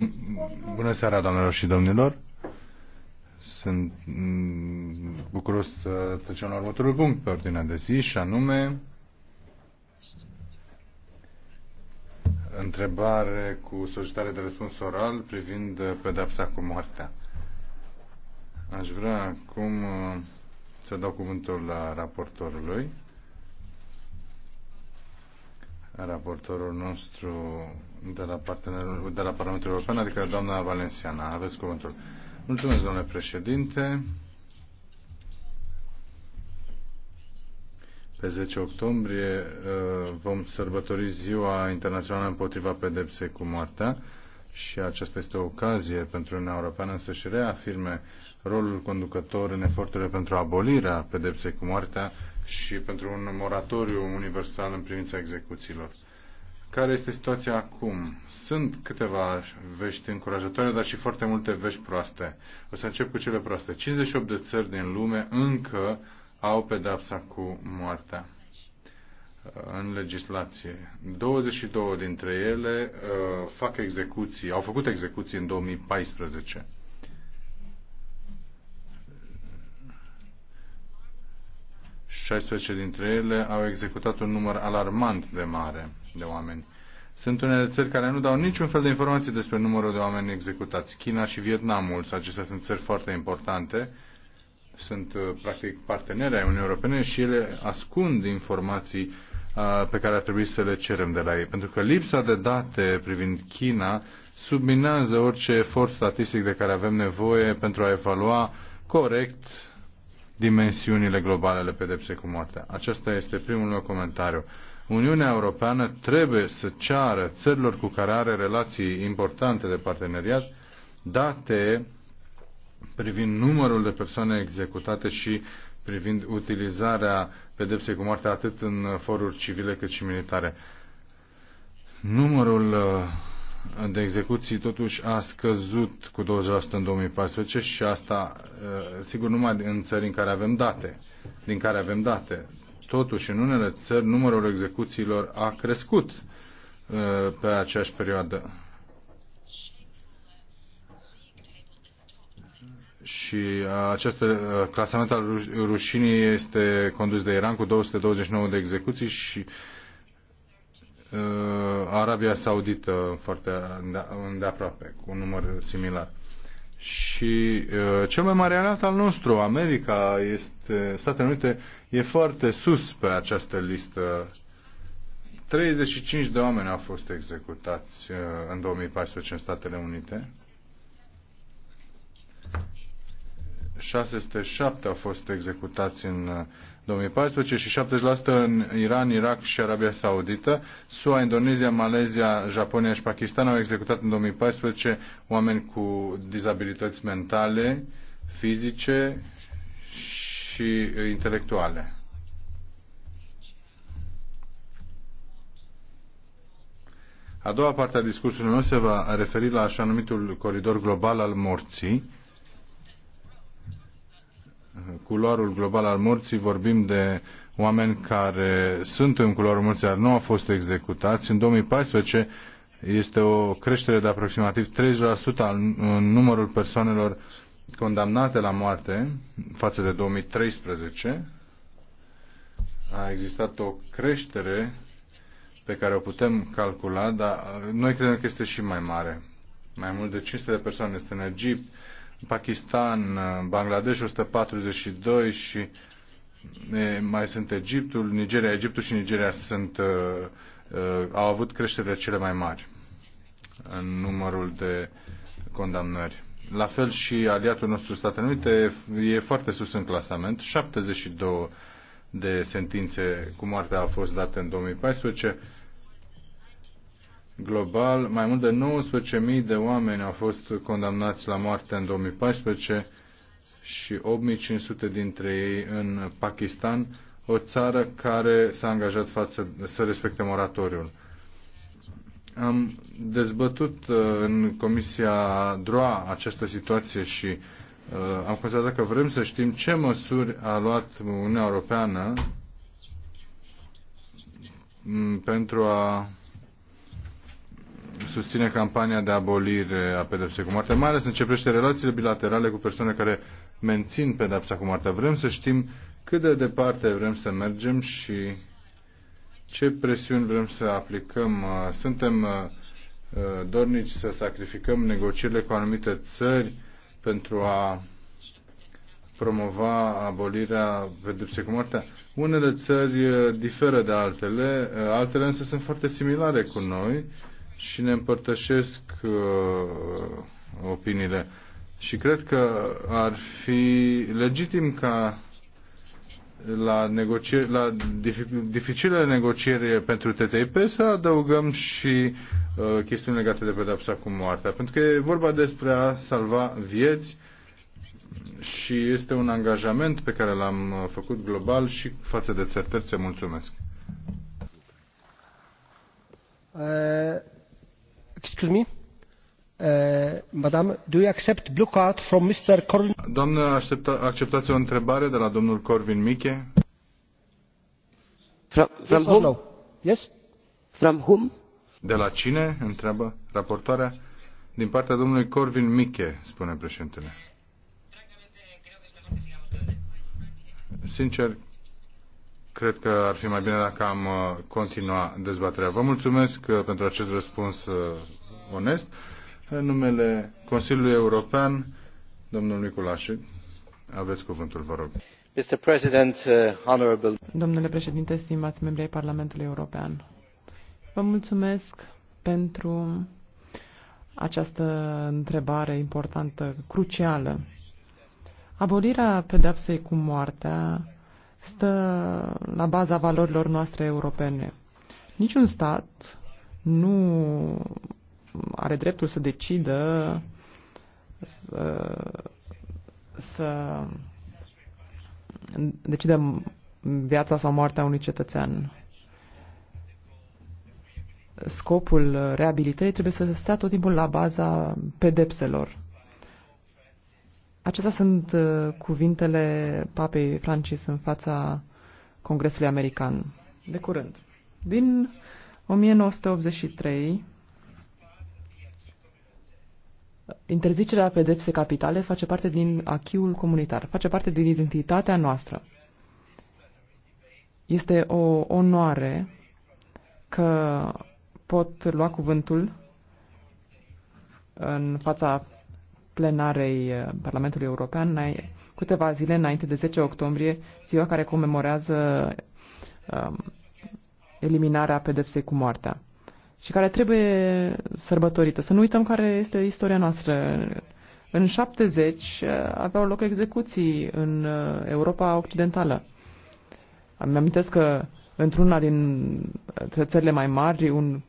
Mm, bună seara, doamnelor și domnilor. Sunt mm, bucuros să trecem la următorul punct pe ordinea de zi și anume întrebare cu solicitare de răspuns oral privind pedepsa cu moartea. Aș vrea acum uh, să dau cuvântul la raportorului raportorul nostru de la, partenerul, de la Parlamentul European, adică doamna Valenciana. Aveți cuvântul. Mulțumesc, domnule președinte. Pe 10 octombrie uh, vom sărbători Ziua Internațională împotriva pedepsei cu moartea și aceasta este o ocazie pentru Uniunea Europeană să-și reafirme rolul conducător în eforturile pentru abolirea pedepsei cu moartea și pentru un moratoriu universal în privința execuțiilor. Care este situația acum? Sunt câteva vești încurajatoare, dar și foarte multe vești proaste. O să încep cu cele proaste. 58 de țări din lume încă au pedapsa cu moartea uh, în legislație. 22 dintre ele uh, fac execuții, au făcut execuții în 2014. 16 dintre ele au executat un număr alarmant de mare de oameni. Sunt unele țări care nu dau niciun fel de informații despre numărul de oameni executați. China și Vietnamul, acestea sunt țări foarte importante, sunt uh, practic parteneri ai Uniunii Europene și ele ascund informații uh, pe care ar trebui să le cerem de la ei. Pentru că lipsa de date privind China subminează orice efort statistic de care avem nevoie pentru a evalua corect dimensiunile globale ale pedepsei cu moartea. Acesta este primul meu comentariu. Uniunea Europeană trebuie să ceară țărilor cu care are relații importante de parteneriat date privind numărul de persoane executate și privind utilizarea pedepsei cu moartea atât în foruri civile cât și militare. Numărul uh, de execuții totuși a scăzut cu 20% în 2014 și asta, uh, sigur, numai în țări în care avem date, din care avem date. Totuși, în unele țări, numărul execuțiilor a crescut uh, pe aceeași perioadă. și uh, acest clasament al rușinii este condus de Iran cu 229 de execuții și Uh, Arabia Saudită foarte îndeaproape, cu un număr similar. Și uh, cel mai mare aliat al nostru, America, este, Statele Unite, e foarte sus pe această listă. 35 de oameni au fost executați uh, în 2014 în Statele Unite. 607 au fost executați în 2014 și 70% în Iran, Irak și Arabia Saudită. SUA, Indonezia, Malezia, Japonia și Pakistan au executat în 2014 oameni cu dizabilități mentale, fizice și uh, intelectuale. A doua parte a discursului meu se va referi la așa numitul coridor global al morții, culoarul global al morții, vorbim de oameni care sunt în culoarul morții, dar nu au fost executați. În 2014 este o creștere de aproximativ 30% în numărul persoanelor condamnate la moarte față de 2013. A existat o creștere pe care o putem calcula, dar noi credem că este și mai mare. Mai mult de 500 de persoane este în Egipt, Pakistan, Bangladesh 142 și mai sunt Egiptul, Nigeria, Egiptul și Nigeria sunt, au avut creșterile cele mai mari în numărul de condamnări. La fel și aliatul nostru Statele Unite e foarte sus în clasament, 72 de sentințe cu moartea au fost date în 2014, global. Mai mult de 19.000 de oameni au fost condamnați la moarte în 2014 și 8.500 dintre ei în Pakistan, o țară care s-a angajat față, să respecte moratoriul. Am dezbătut uh, în Comisia DROA această situație și uh, am constatat că vrem să știm ce măsuri a luat Uniunea Europeană mm, pentru a susține campania de abolire a pedepsei cu moartea, mai ales începește relațiile bilaterale cu persoane care mențin pedepsa cu moartea. Vrem să știm cât de departe vrem să mergem și ce presiuni vrem să aplicăm. Suntem uh, uh, dornici să sacrificăm negocierile cu anumite țări pentru a promova abolirea pedepsei cu moartea. Unele țări uh, diferă de altele, altele însă sunt foarte similare cu noi și ne împărtășesc uh, opiniile. Și cred că ar fi legitim ca la, negocieri, la dificile negocieri pentru TTIP să adăugăm și uh, chestiuni legate de pedapsa cu moartea. Pentru că e vorba despre a salva vieți și este un angajament pe care l-am uh, făcut global și față de țări terțe. Mulțumesc! Uh, Excuse me? Uh, madam, do you accept blue card from Mr. Corvin? Doamnă, aștepta, acceptați o întrebare de la domnul Corvin Miche? From, whom? Yes? From whom? De la cine? Întreabă raportoarea. Din partea domnului Corvin Miche, spune președintele. Sincer, cred că ar fi mai bine dacă am uh, continua dezbaterea. Vă mulțumesc uh, pentru acest răspuns uh, onest. În numele Consiliului European, domnul Niculașic, aveți cuvântul, vă rog. Mr. President, honorable... Domnule președinte, stimați membri ai Parlamentului European, vă mulțumesc pentru această întrebare importantă, crucială. Abolirea pedepsei cu moartea stă la baza valorilor noastre europene. Niciun stat nu are dreptul să decidă să, uh, să decidă viața sau moartea unui cetățean. Scopul reabilitării trebuie să stea tot timpul la baza pedepselor. Acestea sunt uh, cuvintele papei Francis în fața Congresului American, de curând. Din 1983, interzicerea pedepsei capitale face parte din achiul comunitar, face parte din identitatea noastră. Este o onoare că pot lua cuvântul în fața plenarei uh, Parlamentului European câteva zile înainte de 10 octombrie, ziua care comemorează um, eliminarea pedepsei cu moartea și care trebuie sărbătorită. Să nu uităm care este istoria noastră. În 70 uh, aveau loc execuții în uh, Europa Occidentală. Îmi amintesc că într-una din țările mai mari, un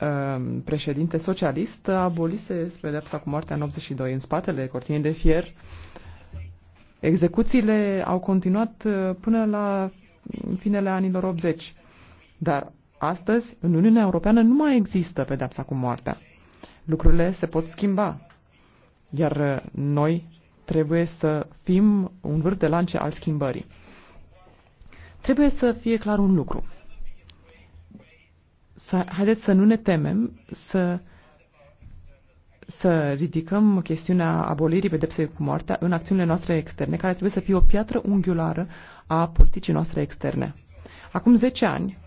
Um, președinte socialist abolise pedepsa cu moartea în 82 în spatele cortinei de fier. Execuțiile au continuat uh, până la finele anilor 80. Dar astăzi, în Uniunea Europeană, nu mai există pedepsa cu moartea. Lucrurile se pot schimba. Iar uh, noi trebuie să fim un vârf de lance al schimbării. Trebuie să fie clar un lucru să, haideți să nu ne temem să, să ridicăm chestiunea abolirii pedepsei cu moartea în acțiunile noastre externe, care trebuie să fie o piatră unghiulară a politicii noastre externe. Acum 10 ani,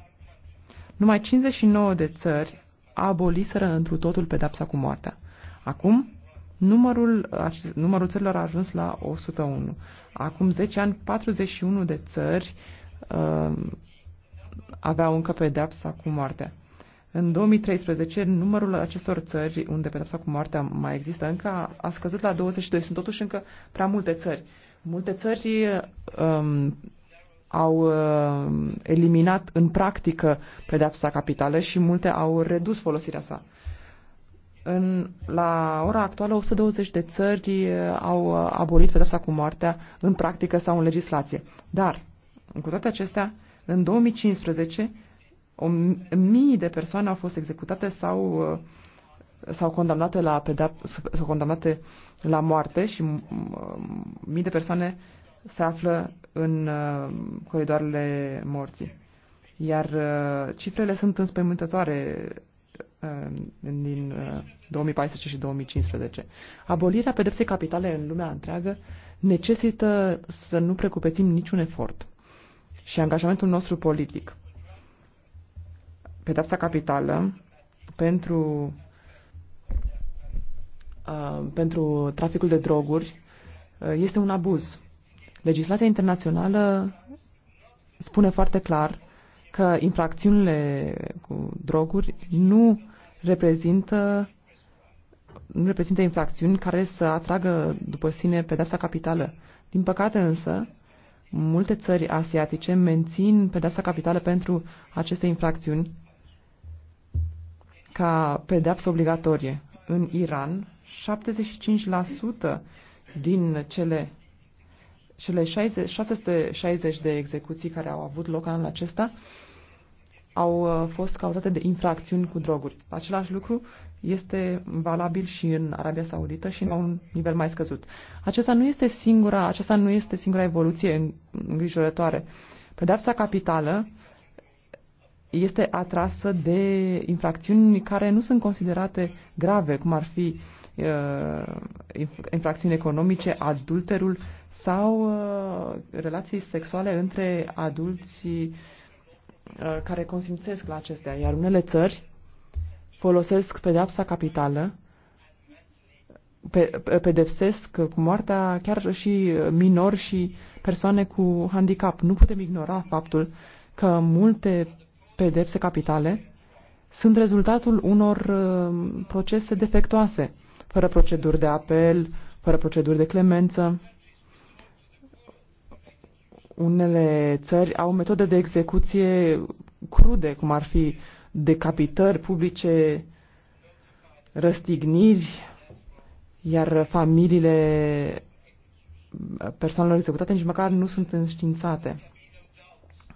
numai 59 de țări aboliseră întru totul pedepsa cu moartea. Acum, numărul, numărul țărilor a ajuns la 101. Acum 10 ani, 41 de țări uh, aveau încă pedepsa cu moartea. În 2013, numărul acestor țări unde pedepsa cu moartea mai există încă a scăzut la 22. Sunt totuși încă prea multe țări. Multe țări um, au uh, eliminat în practică pedepsa capitală și multe au redus folosirea sa. În, la ora actuală, 120 de țări uh, au uh, abolit pedepsa cu moartea în practică sau în legislație. Dar, cu toate acestea, în 2015, o mii de persoane au fost executate sau uh, sau condamnate la pedap- sau condamnate la moarte și mii de persoane se află în uh, coridoarele morții. Iar uh, cifrele sunt înspăimântătoare din 2014 și 2015. Abolirea pedepsei capitale în lumea întreagă necesită să nu precupețim niciun efort și angajamentul nostru politic pedepsa capitală pentru, uh, pentru traficul de droguri uh, este un abuz. Legislația internațională spune foarte clar că infracțiunile cu droguri nu reprezintă nu reprezintă infracțiuni care să atragă după sine pedepsa capitală. Din păcate însă, multe țări asiatice mențin pedeapsa capitală pentru aceste infracțiuni ca pedeapsă obligatorie. În Iran, 75% din cele, cele 60, 660 de execuții care au avut loc anul acesta au uh, fost cauzate de infracțiuni cu droguri. Același lucru este valabil și în Arabia Saudită și la un nivel mai scăzut. Aceasta nu este singura, aceasta nu este singura evoluție îngrijorătoare. Pedepsa capitală este atrasă de infracțiuni care nu sunt considerate grave, cum ar fi uh, infracțiuni economice, adulterul sau uh, relații sexuale între adulți uh, care consimțesc la acestea. Iar unele țări folosesc pedepsa capitală, pedepsesc cu moartea chiar și minori și persoane cu handicap. Nu putem ignora faptul că multe pedepse capitale sunt rezultatul unor uh, procese defectoase, fără proceduri de apel, fără proceduri de clemență. Unele țări au metode de execuție crude, cum ar fi decapitări publice, răstigniri, iar familiile persoanelor executate nici măcar nu sunt înștiințate.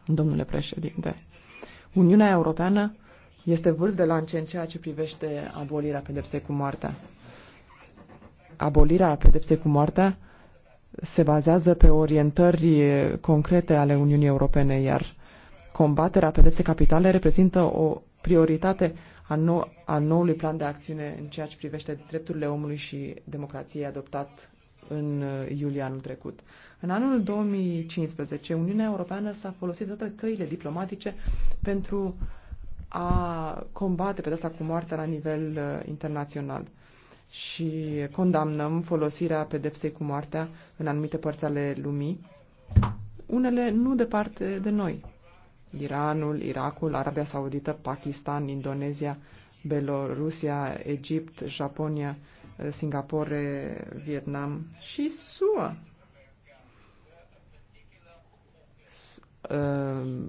Domnule președinte, Uniunea Europeană este vârf de lance în ceea ce privește abolirea pedepsei cu moartea. Abolirea pedepsei cu moartea se bazează pe orientări concrete ale Uniunii Europene, iar combaterea pedepsei capitale reprezintă o prioritate a, nou, a noului plan de acțiune în ceea ce privește drepturile omului și democrației adoptat în uh, iulie anul trecut. În anul 2015, Uniunea Europeană s-a folosit toate căile diplomatice pentru a combate pedepsa cu moartea la nivel uh, internațional și condamnăm folosirea pedepsei cu moartea în anumite părți ale lumii, unele nu departe de noi. Iranul, Irakul, Arabia Saudită, Pakistan, Indonezia, Belorusia, Egipt, Japonia, uh, Singapore, Vietnam și SUA. Uh,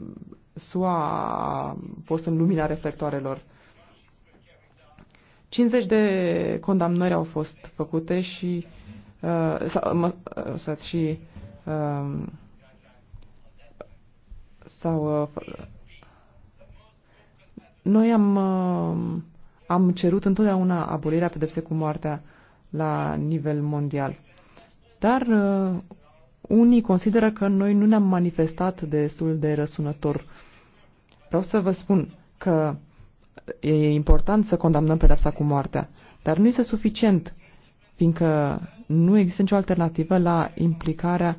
SUA a fost în lumina reflectoarelor. 50 de condamnări au fost făcute și uh, sau, au uh, și uh, sau uh, noi am uh, am cerut întotdeauna abolirea pedepsei cu moartea la nivel mondial. Dar uh, unii consideră că noi nu ne-am manifestat destul de răsunător. Vreau să vă spun că e important să condamnăm pedepsa cu moartea, dar nu este suficient, fiindcă nu există nicio alternativă la implicarea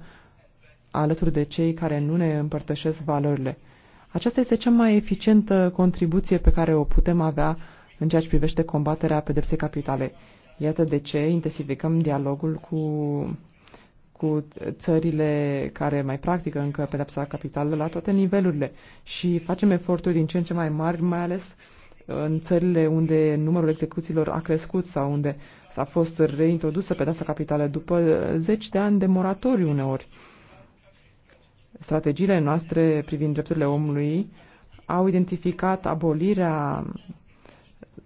alături de cei care nu ne împărtășesc valorile. Aceasta este cea mai eficientă contribuție pe care o putem avea în ceea ce privește combaterea pedepsei capitale. Iată de ce intensificăm dialogul cu cu țările care mai practică încă pedepsa capitală la toate nivelurile și facem eforturi din ce în ce mai mari, mai ales uh, în țările unde numărul execuțiilor a crescut sau unde s-a fost reintrodusă pedepsa capitală după uh, zeci de ani de moratoriu uneori. Strategiile noastre privind drepturile omului au identificat abolirea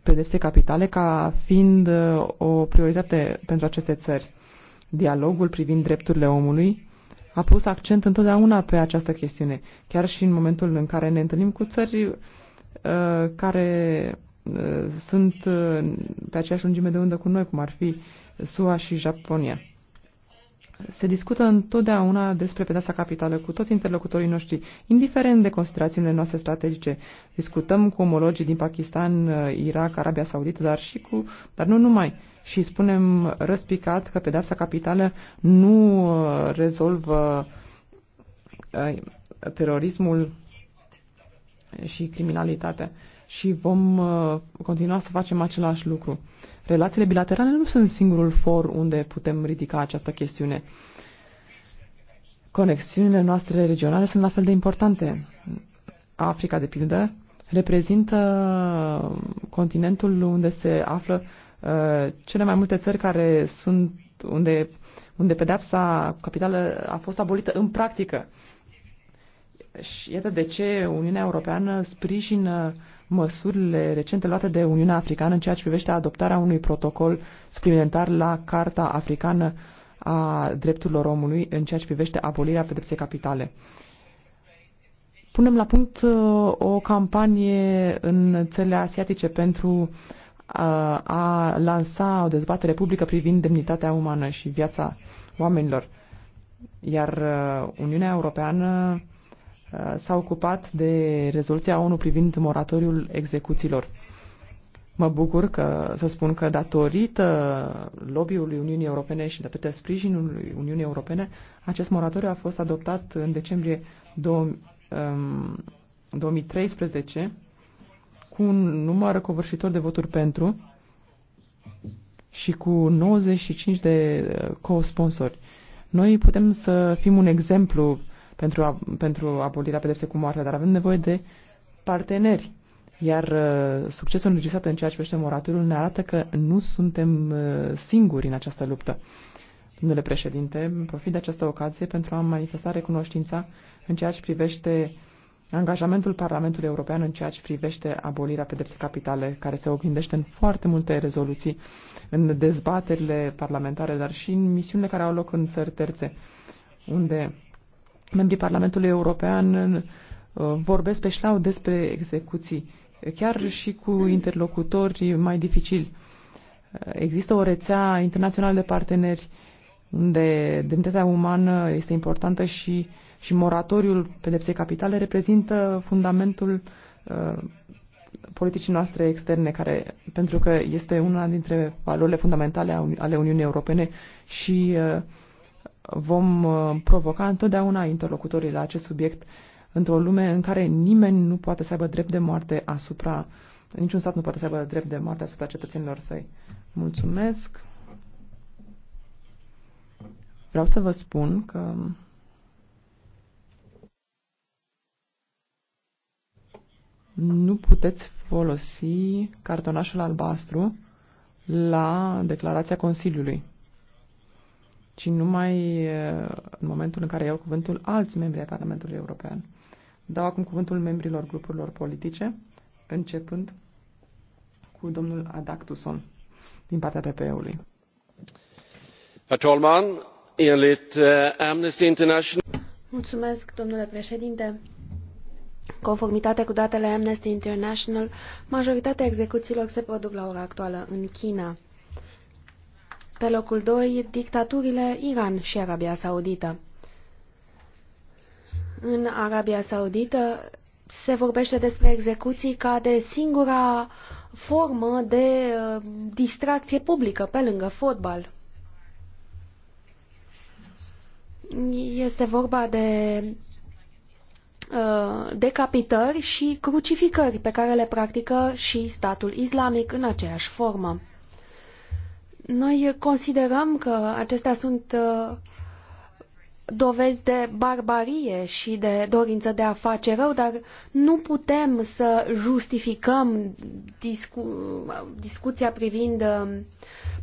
pedepsei capitale ca fiind uh, o prioritate pentru aceste țări dialogul privind drepturile omului a pus accent întotdeauna pe această chestiune, chiar și în momentul în care ne întâlnim cu țări uh, care uh, sunt uh, pe aceeași lungime de undă cu noi, cum ar fi SUA și Japonia. Se discută întotdeauna despre pedeapsa capitală cu toți interlocutorii noștri, indiferent de considerațiile noastre strategice. Discutăm cu omologii din Pakistan, uh, Irak, Arabia Saudită, dar și cu, dar nu numai, și spunem răspicat că pedeapsa capitală nu uh, rezolvă uh, terorismul și criminalitatea și vom uh, continua să facem același lucru. Relațiile bilaterale nu sunt singurul for unde putem ridica această chestiune. Conexiunile noastre regionale sunt la fel de importante. Africa, de pildă, reprezintă continentul unde se află Uh, cele mai multe țări care sunt unde, unde pedepsa capitală a fost abolită în practică. Și iată de ce Uniunea Europeană sprijină măsurile recente luate de Uniunea Africană în ceea ce privește adoptarea unui protocol suplimentar la Carta Africană a Drepturilor Omului în ceea ce privește abolirea pedepsei capitale. Punem la punct uh, o campanie în țările asiatice pentru Uh, a lansa o dezbatere publică privind demnitatea umană și viața oamenilor. Iar uh, Uniunea Europeană uh, s-a ocupat de rezoluția ONU privind moratoriul execuțiilor. Mă bucur că, să spun că datorită lobby-ului Uniunii Europene și datorită sprijinului Uniunii Europene, acest moratoriu a fost adoptat în decembrie 2013 cu un număr covârșitor de voturi pentru și cu 95 de uh, co-sponsori. Noi putem să fim un exemplu pentru, a, pentru abolirea pedepsei cu moartea, dar avem nevoie de parteneri. Iar uh, succesul înregistrat în ceea ce privește moratorul ne arată că nu suntem uh, singuri în această luptă. Domnule președinte, profit de această ocazie pentru a manifesta recunoștința în ceea ce privește uh, angajamentul Parlamentului European în ceea ce privește abolirea pedepsei capitale, care se oglindește în foarte multe rezoluții, în dezbaterile parlamentare, dar și în misiunile care au loc în țări terțe, unde membrii Parlamentului European uh, vorbesc pe șlau despre execuții, chiar și cu interlocutori mai dificili. Uh, există o rețea internațională de parteneri unde demnitatea umană este importantă și uh, și moratoriul pedepsei capitale reprezintă fundamentul uh, politicii noastre externe, care, pentru că este una dintre valorile fundamentale ale Uniunii Europene și uh, vom uh, provoca întotdeauna interlocutorii la acest subiect într-o lume în care nimeni nu poate să aibă drept de moarte asupra, niciun stat nu poate să aibă drept de moarte asupra cetățenilor săi. Mulțumesc! Vreau să vă spun că nu puteți folosi cartonașul albastru la declarația Consiliului, ci numai în momentul în care iau cuvântul alți membri ai Parlamentului European. Dau acum cuvântul membrilor grupurilor politice, începând cu domnul Adactuson din partea PPE-ului. Herr Talman, äh, Amnesty International... Mulțumesc, domnule președinte conformitate cu datele Amnesty International, majoritatea execuțiilor se produc la ora actuală în China. Pe locul 2, dictaturile Iran și Arabia Saudită. În Arabia Saudită se vorbește despre execuții ca de singura formă de uh, distracție publică pe lângă fotbal. Este vorba de Uh, decapitări și crucificări pe care le practică și statul islamic în aceeași formă. Noi considerăm că acestea sunt uh, dovezi de barbarie și de dorință de a face rău, dar nu putem să justificăm discu discuția privind um,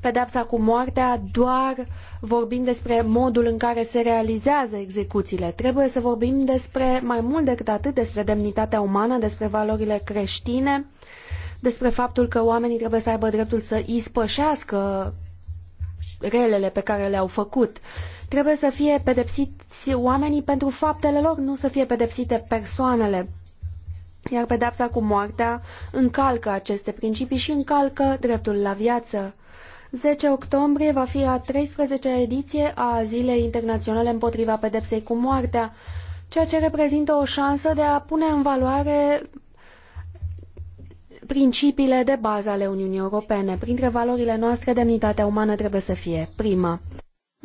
pedepsa cu moartea doar vorbind despre modul în care se realizează execuțiile. Trebuie să vorbim despre mai mult decât atât, despre demnitatea umană, despre valorile creștine, despre faptul că oamenii trebuie să aibă dreptul să ispășească relele pe care le-au făcut. Uh, Trebuie să fie pedepsiți oamenii pentru faptele lor, nu să fie pedepsite persoanele. Iar pedepsa cu moartea încalcă aceste principii și încalcă dreptul la viață. 10 octombrie va fi a 13-a ediție a Zilei Internaționale împotriva pedepsei cu moartea, ceea ce reprezintă o șansă de a pune în valoare principiile de bază ale Uniunii Europene. Printre valorile noastre, demnitatea umană trebuie să fie prima.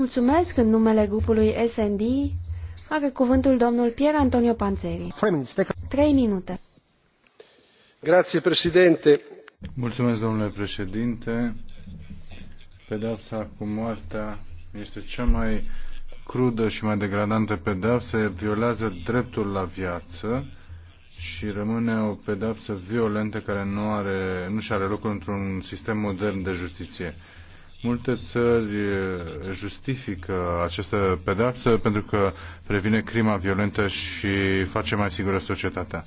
Mulțumesc în numele grupului SND. Are cuvântul domnul Pier Antonio Panzeri. Trei minute. Grazie, președinte. Mulțumesc, domnule președinte. Pedapsa cu moartea este cea mai crudă și mai degradantă pedapsă. Violează dreptul la viață și rămâne o pedapsă violentă care nu, are, nu și are locul într-un sistem modern de justiție. Multe țări justifică această pedeapsă pentru că previne crima violentă și face mai sigură societatea.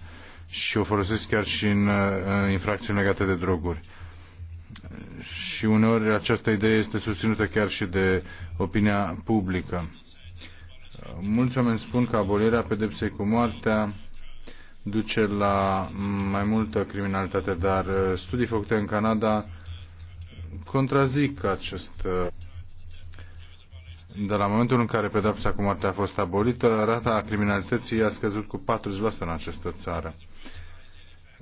Și o folosesc chiar și în infracțiuni legate de droguri. Și uneori această idee este susținută chiar și de opinia publică. Mulți oameni spun că abolirea pedepsei cu moartea duce la mai multă criminalitate, dar studii făcute în Canada contrazic acest uh, de la momentul în care pedepsa cu moartea a fost abolită, rata criminalității a scăzut cu 40% în această țară.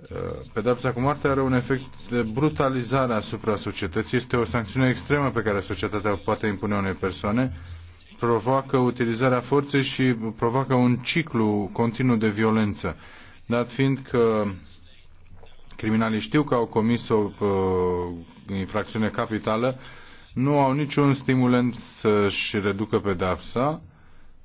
Uh, pedepsa cu moartea are un efect de brutalizare asupra societății, este o sancțiune extremă pe care societatea o poate impune unei persoane, provoacă utilizarea forței și provoacă un ciclu continuu de violență. Dat fiind că criminalii știu că au comis o uh, infracțiune capitală, nu au niciun stimulent să-și reducă pedapsa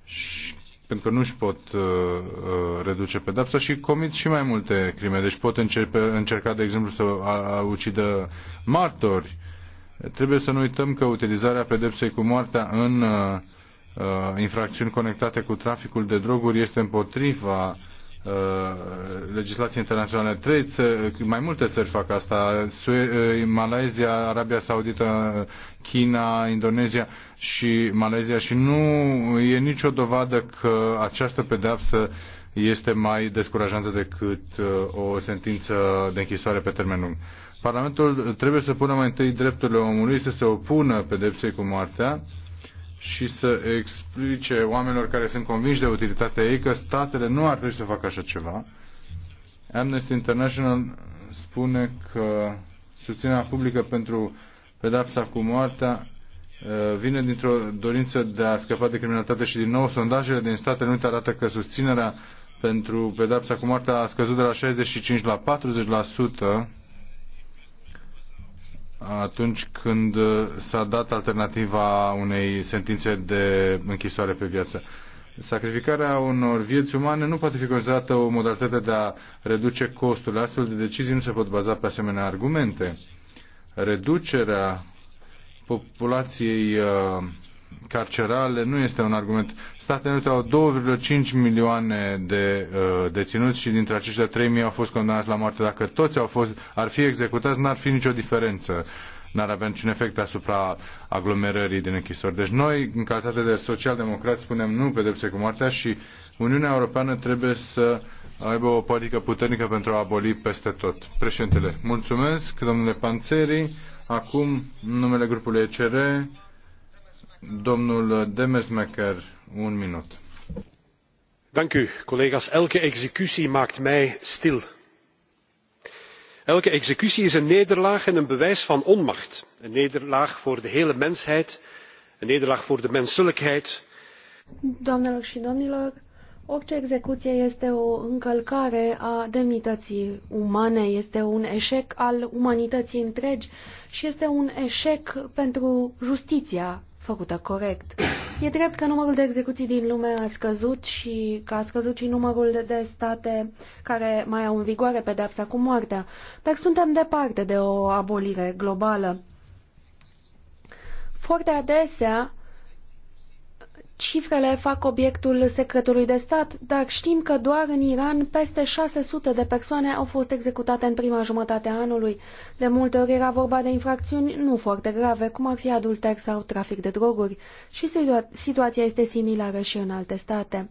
și pentru că nu își pot uh, uh reduce pedapsa și comit și mai multe crime. Deci pot încerpe, încerca, de exemplu, să a, a ucidă martori. Trebuie să nu uităm că utilizarea pedepsei cu moartea în uh, uh infracțiuni conectate cu traficul de droguri este împotriva Uh, legislație internațională. Trei țări, mai multe țări fac asta, Sue, uh, Malaysia, Arabia Saudită, China, Indonezia și Malaysia și nu e nicio dovadă că această pedeapsă este mai descurajantă decât uh, o sentință de închisoare pe termen lung. Parlamentul trebuie să pună mai întâi drepturile omului, să se opună pedepsei cu moartea, și să explice oamenilor care sunt convinși de utilitatea ei că statele nu ar trebui să facă așa ceva. Amnesty International spune că susținerea publică pentru pedapsa cu moartea uh, vine dintr-o dorință de a scăpa de criminalitate și din nou sondajele din Statele Unite arată că susținerea pentru pedapsa cu moartea a scăzut de la 65 la 40% atunci când uh, s-a dat alternativa unei sentințe de închisoare pe viață. Sacrificarea unor vieți umane nu poate fi considerată o modalitate de a reduce costurile. Astfel de decizii nu se pot baza pe asemenea argumente. Reducerea populației uh, carcerale nu este un argument. Statele Unite au 2,5 milioane de uh, deținuți și dintre aceștia 3.000 au fost condamnați la moarte. Dacă toți au fost, ar fi executați, n-ar fi nicio diferență. N-ar avea niciun efect asupra aglomerării din închisori. Deci noi, în calitate de social spunem nu pedepse cu moartea și Uniunea Europeană trebuie să aibă o politică puternică pentru a aboli peste tot. Președintele, mulțumesc, domnule Panțeri. Acum, numele grupului ECR, Domnul Demesmecker, un minut. Dank u, collega's. Elke executie maakt mij stil. Elke executie is een nederlaag en een bewijs van onmacht. Een nederlaag voor de hele mensheid, een nederlaag voor de menselijkheid. Doamnelor și domnilor, orice execuție este o încălcare a demnității umane, este un eșec al umanității întregi și este un eșec pentru justiția făcută corect. E drept că numărul de execuții din lume a scăzut și că a scăzut și numărul de state care mai au în vigoare pedepsa cu moartea, dar suntem departe de o abolire globală. Foarte adesea, Cifrele fac obiectul secretului de stat, dar știm că doar în Iran peste 600 de persoane au fost executate în prima jumătate a anului. De multe ori era vorba de infracțiuni nu foarte grave, cum ar fi adulter sau trafic de droguri, și situa situația este similară și în alte state.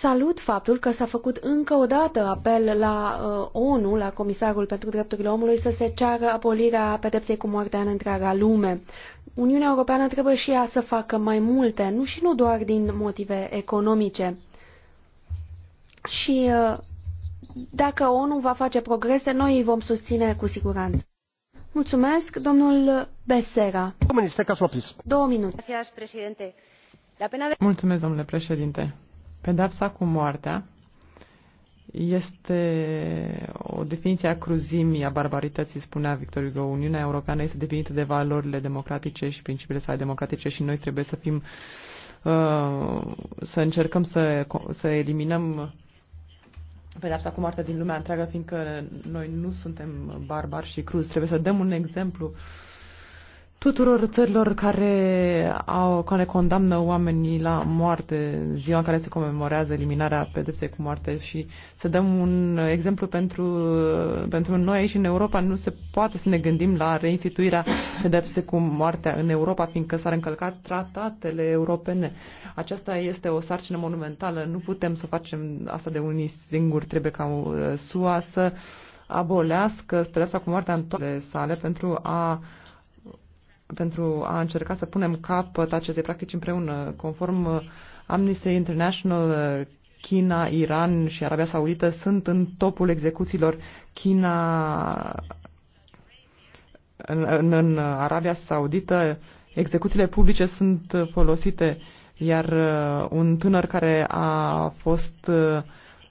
Salut faptul că s-a făcut încă o dată apel la uh, ONU, la Comisarul pentru Drepturile Omului, să se ceară abolirea pedepsei cu moartea în întreaga lume. Uniunea Europeană trebuie și ea să facă mai multe, nu și nu doar din motive economice. Și uh, dacă ONU va face progrese, noi îi vom susține cu siguranță. Mulțumesc, domnul Besera. Două minute. Mulțumesc, domnule președinte. Pedapsa cu moartea este o definiție a cruzimii, a barbarității, spunea Victor Hugo. Uniunea Europeană este definită de valorile democratice și principiile sale democratice și noi trebuie să fim, uh, să încercăm să, să eliminăm pedapsa cu moartea din lumea întreagă, fiindcă noi nu suntem barbari și cruzi. Trebuie să dăm un exemplu uh, tuturor țărilor care, au, care condamnă oamenii la moarte, ziua în care se comemorează eliminarea pedepsei cu moarte și să dăm un exemplu pentru, pentru noi aici în Europa. Nu se poate să ne gândim la reinstituirea pedepsei cu moartea în Europa, fiindcă s-ar încălca tratatele europene. Aceasta este o sarcină monumentală. Nu putem să facem asta de unii singuri. Trebuie ca uh, SUA să abolească pedepsa cu moartea în toate sale pentru a pentru a încerca să punem capăt acestei practici împreună. Conform uh, Amnesty International, uh, China, Iran și Arabia Saudită sunt în topul execuțiilor. China în, în, în Arabia Saudită execuțiile publice sunt folosite, iar uh, un tânăr care a fost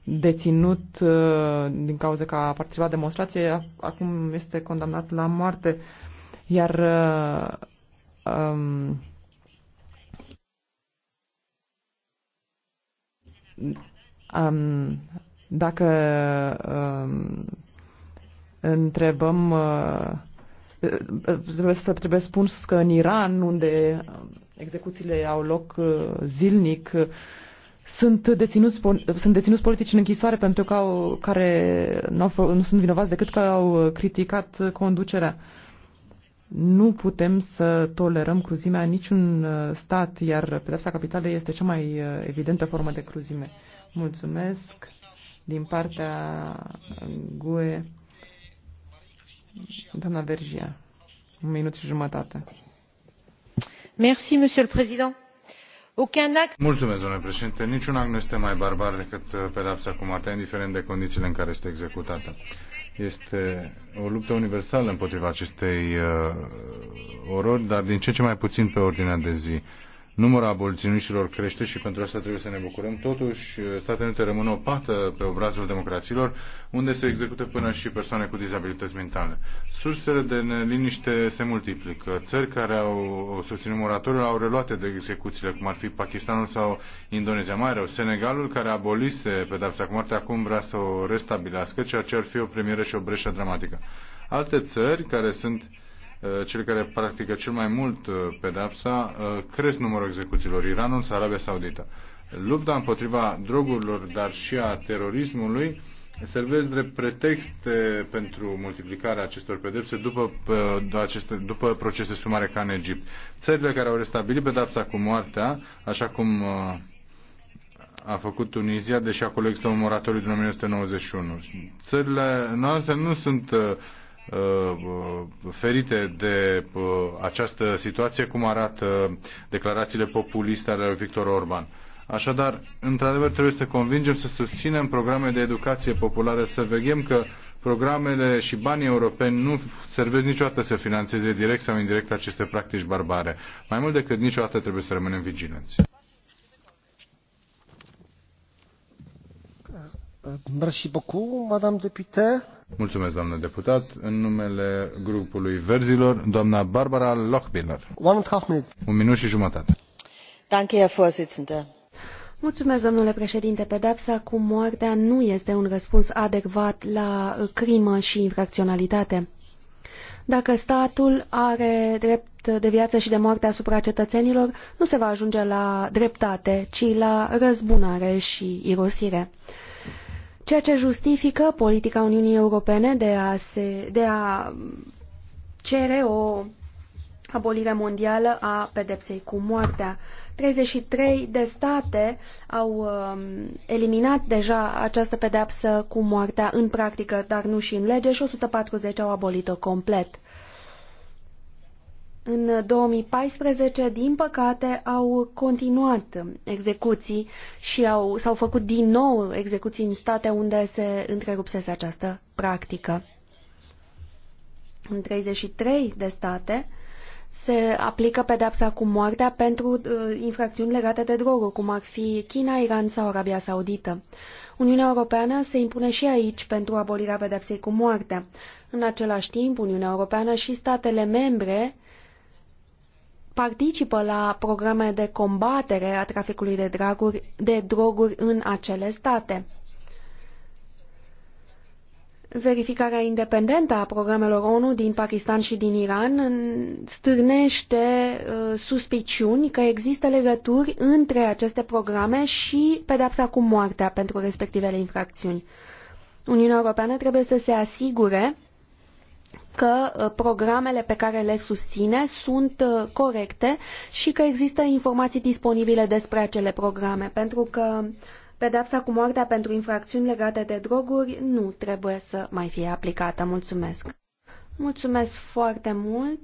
deținut din cauza că a participat demonstrație, acum este condamnat la moarte. Iar uh, um, um, dacă um, întrebăm uh, trebuie să trebuie spus că în Iran, unde execuțiile au loc uh, zilnic, sunt deținuți, sunt deținuți politici în închisoare pentru că au, care nu, au, nu sunt vinovați decât că au criticat conducerea nu putem să tolerăm cruzimea în niciun uh, stat, iar pedepsa capitală este cea mai uh, evidentă formă de cruzime. Mulțumesc din partea uh, GUE, doamna Vergia, un minut și jumătate. Merci, monsieur le président. Mulțumesc, domnule președinte. Niciun act nu este mai barbar decât pedapsa cu moartea, indiferent de condițiile în care este executată. Este o luptă universală împotriva acestei uh, orori, dar din ce ce mai puțin pe ordinea de zi numărul aboliționiștilor crește și pentru asta trebuie să ne bucurăm. Totuși, Statele Unite rămân o pată pe obrazul democrațiilor, unde se execută până și persoane cu dizabilități mentale. Sursele de neliniște se multiplică. Țări care au susținut moratoriul au reluat de execuțiile, cum ar fi Pakistanul sau Indonezia. Mai rău, Senegalul, care abolise pedapsa cu moarte, acum vrea să o restabilească, ceea ce ar fi o premieră și o breșă dramatică. Alte țări care sunt uh, Eh, cele care practică cel mai mult eh, pedapsa, eh, cresc numărul execuțiilor, Iranul Arabia Saudită. Lupta împotriva drogurilor, dar și a terorismului, servesc drept pretexte pentru multiplicarea acestor pedepse după, aceste, după procese sumare ca în Egipt. Țările care au restabilit pedapsa cu moartea, așa cum a făcut Tunisia, deși acolo există un moratoriu din 1991. Țările noastre nu sunt Uh, uh, ferite de uh, această situație, cum arată declarațiile populiste ale lui Victor Orban. Așadar, într-adevăr, trebuie să convingem să susținem programe de educație populară, să veghem că programele și banii europeni nu servesc niciodată să financeze direct sau indirect aceste practici barbare. Mai mult decât niciodată trebuie să rămânem vigilenți. Merci beaucoup, Madame Députée. Mulțumesc, doamnă deputat. În numele grupului Verzilor, doamna Barbara Lochbiller. Un minut și jumătate. Danke, Herr Vorsitzende. Mulțumesc, domnule președinte. Pedepsa cu moartea nu este un răspuns adecvat la crimă și infracționalitate. Dacă statul are drept de viață și de moarte asupra cetățenilor, nu se va ajunge la dreptate, ci la răzbunare și irosire ceea ce justifică politica Uniunii Europene de a, se, de a cere o abolire mondială a pedepsei cu moartea. 33 de state au um, eliminat deja această pedeapsă cu moartea în practică, dar nu și în lege, și 140 au abolit-o complet. În 2014, din păcate, au continuat execuții și au, s-au făcut din nou execuții în state unde se întrerupsese această practică. În 33 de state se aplică pedepsa cu moartea pentru uh, infracțiuni legate de droguri, cum ar fi China, Iran sau Arabia Saudită. Uniunea Europeană se impune și aici pentru abolirea pedepsei cu moartea. În același timp, Uniunea Europeană și statele membre uh, participă la programe de combatere a traficului de, draguri, de droguri în acele state. Verificarea independentă a programelor ONU din Pakistan și din Iran stârnește uh, suspiciuni că există legături între aceste programe și pedepsa cu moartea pentru respectivele infracțiuni. Uniunea Europeană trebuie să se asigure că uh, programele pe care le susține sunt uh, corecte și că există informații disponibile despre acele programe, pentru că pedepsa cu moartea pentru infracțiuni legate de droguri nu trebuie să mai fie aplicată. Mulțumesc! Mulțumesc foarte mult!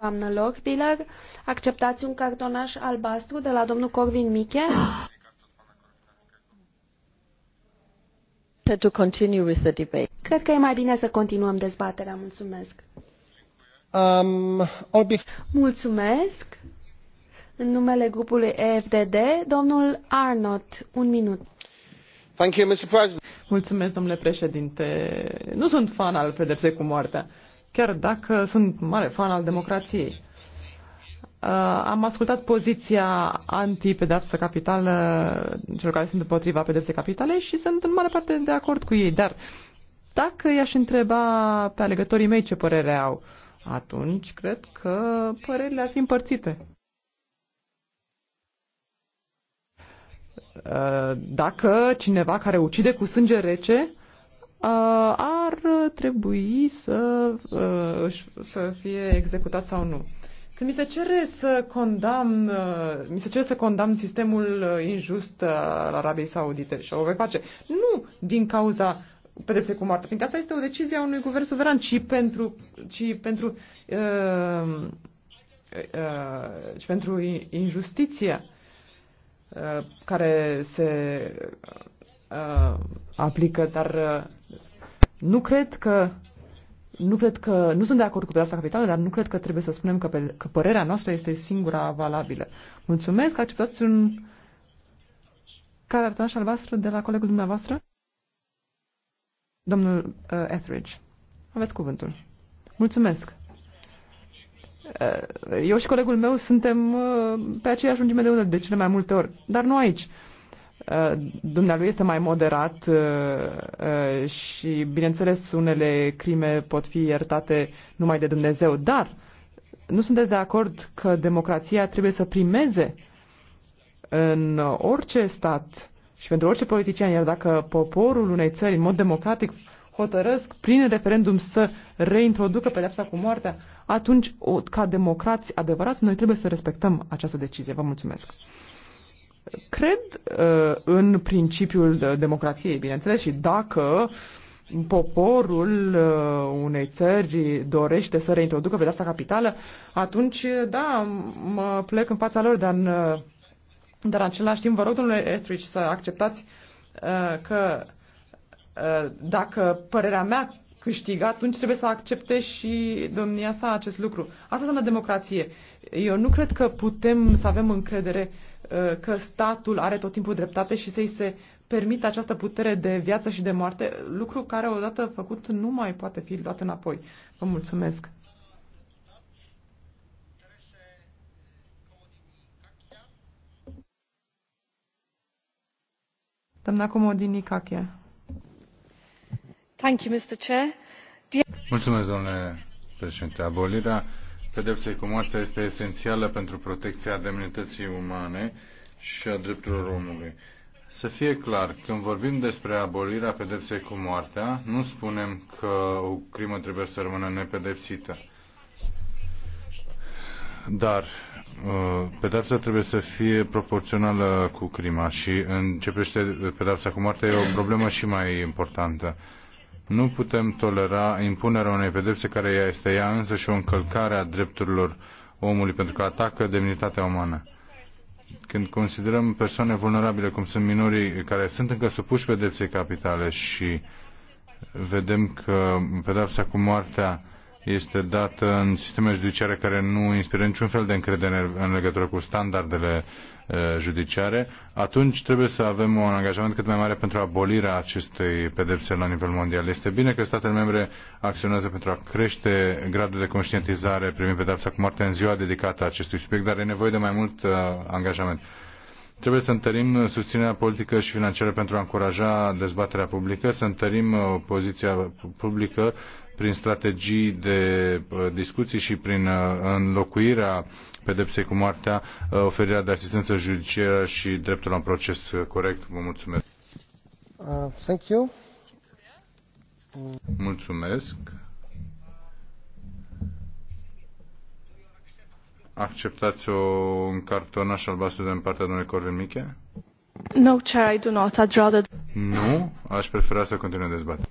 Doamnă Lorbiller, acceptați un cartonaș albastru de la domnul Corvin Miche? to continue with the debate. Cred că e mai bine să continuăm dezbaterea. Mulțumesc. Um, obi... Mulțumesc. În numele grupului EFDD, domnul Arnott, un minut. Thank you, Mr. President. Mulțumesc, domnule președinte. Nu sunt fan al pedepsei cu moartea, chiar dacă sunt mare fan al democrației. Uh, am ascultat poziția anti-pedapsă capitală celor care sunt împotriva pedepsei capitale și sunt în mare parte de acord cu ei, dar dacă i-aș întreba pe alegătorii mei ce părere au, atunci cred că părerile ar fi împărțite. Uh, dacă cineva care ucide cu sânge rece uh, ar trebui să, să fie executat sau nu. Când mi se cere să condamn, uh, mi se cere să condamn sistemul uh, injust uh, al Arabiei Saudite și o voi face, nu din cauza pedepse cu moartea, fiindcă asta este o decizie a unui guvern suveran, ci pentru, ci pentru, uh, uh, ci pentru injustiția care se uh, aplică, dar uh, nu cred că nu cred că, nu sunt de acord cu piața capitală, dar nu cred că trebuie să spunem că, pe, că părerea noastră este singura valabilă. Mulțumesc, acceptați un al vostru de la colegul dumneavoastră? Domnul uh, Etheridge, aveți cuvântul. Mulțumesc. Uh, eu și colegul meu suntem uh, pe aceeași lungime de undă de cele mai multe ori, dar nu aici. Uh, dumnealui este mai moderat uh, uh, și, bineînțeles, unele crime pot fi iertate numai de Dumnezeu, dar nu sunteți de acord că democrația trebuie să primeze în orice stat și pentru orice politician, iar dacă poporul unei țări, în mod democratic, hotărăsc prin referendum să reintroducă pedepsa cu moartea, atunci, ca democrați adevărați, noi trebuie să respectăm această decizie. Vă mulțumesc! Cred uh, în principiul uh, democrației, bineînțeles, și dacă poporul uh, unei țări dorește să reintroducă pedeapsa capitală, atunci, da, mă plec în fața lor, dar în, dar în același timp, vă rog, domnule Estrich, să acceptați că dacă părerea mea câștigă, atunci trebuie să accepte și domnia sa acest lucru. Asta înseamnă democrație. Eu nu cred că putem să avem încredere uh, că statul are tot timpul dreptate și să-i se permită această putere de viață și de moarte, lucru care odată făcut nu mai poate fi luat înapoi. Vă mulțumesc. Doamna Comodini Cachia. Thank you, Mr. Chair. Mulțumesc, domnule președinte. Abolirea pedepsei cu moartea este esențială pentru protecția demnității umane și a drepturilor omului. Să fie clar, când vorbim despre abolirea pedepsei cu moartea, nu spunem că o crimă trebuie să rămână nepedepsită. Dar uh, pedepsa trebuie să fie proporțională cu crima și începește pedepsa cu moartea e o problemă și mai importantă nu putem tolera impunerea unei pedepse care ea este ea însă și o încălcare a drepturilor omului pentru că atacă demnitatea umană. Când considerăm persoane vulnerabile, cum sunt minorii care sunt încă supuși pedepsei capitale și vedem că pedepsa cu moartea este dată în sisteme judiciare care nu inspiră niciun fel de încredere în legătură cu standardele Uh, judiciare, atunci trebuie să avem un angajament cât mai mare pentru abolirea acestei pedepse la nivel mondial. Este bine că statele membre acționează pentru a crește gradul de conștientizare privind pedepsa cu moartea în ziua dedicată acestui subiect, dar e nevoie de mai mult uh, angajament. Trebuie să întărim susținerea politică și financiară pentru a încuraja dezbaterea publică, să întărim uh, poziția publică prin strategii de uh, discuții și prin uh, înlocuirea pedepsei cu moartea, uh, oferirea de asistență judiciară și dreptul la un proces corect. Vă mulțumesc. Uh, thank you. Mm. Mulțumesc. Acceptați o un cartonaș albastru în partea domnului Corvin Miche? No, Chair, I do not. I'd rather... Nu, aș prefera să continuăm dezbaterea.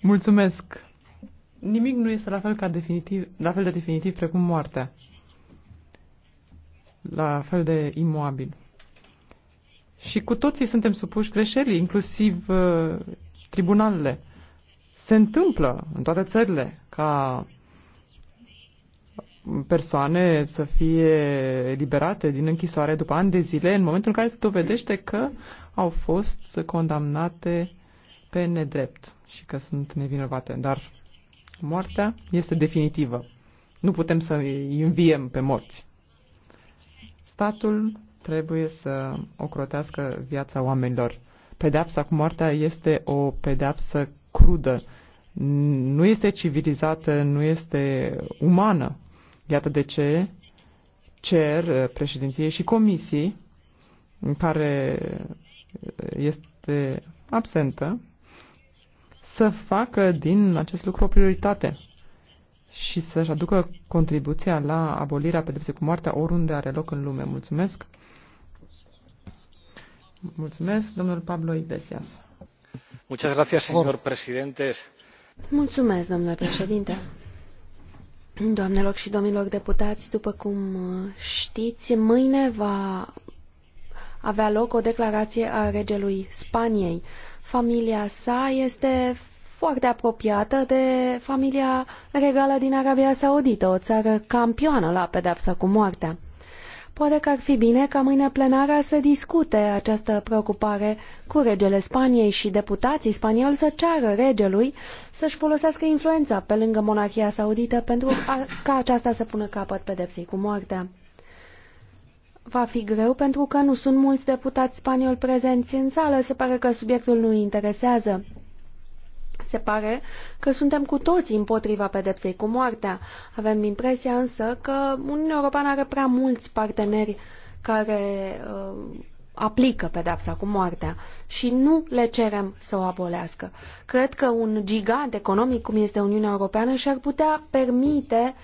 Mulțumesc. Nimic nu este la fel, ca definitiv, la fel de definitiv precum moartea. La fel de imobil. Și cu toții suntem supuși greșelii, inclusiv uh, tribunalele. Se întâmplă în toate țările ca persoane să fie liberate din închisoare după ani de zile, în momentul în care se dovedește că au fost condamnate pe nedrept și că sunt nevinovate, dar moartea este definitivă. Nu putem să îi înviem pe morți. Statul trebuie să ocrotească viața oamenilor. Pedeapsa cu moartea este o pedeapsă crudă. Nu este civilizată, nu este umană. Iată de ce cer președinției și comisiei, care este absentă, să facă din acest lucru o prioritate și să-și aducă contribuția la abolirea pedepsei cu moartea oriunde are loc în lume. Mulțumesc! Mulțumesc, domnul Pablo Iglesias. Muchas gracias, señor presidente. Mulțumesc, domnule președinte. Doamnelor și domnilor deputați, după cum uh, știți, mâine va avea loc o declarație a regelui Spaniei Familia sa este foarte apropiată de familia regală din Arabia Saudită, o țară campioană la pedepsa cu moartea. Poate că ar fi bine ca mâine plenara să discute această preocupare cu regele Spaniei și deputații spanioli să ceară regelui să-și folosească influența pe lângă monarhia saudită pentru a, ca aceasta să pună capăt pedepsei cu moartea. Va fi greu pentru că nu sunt mulți deputați spanioli prezenți în sală, se pare că subiectul nu interesează. Se pare că suntem cu toții împotriva pedepsei cu moartea. Avem impresia însă că Uniunea Europeană are prea mulți parteneri care uh, aplică pedepsa cu moartea și nu le cerem să o abolească. Cred că un gigant economic cum este Uniunea Europeană și-ar putea permite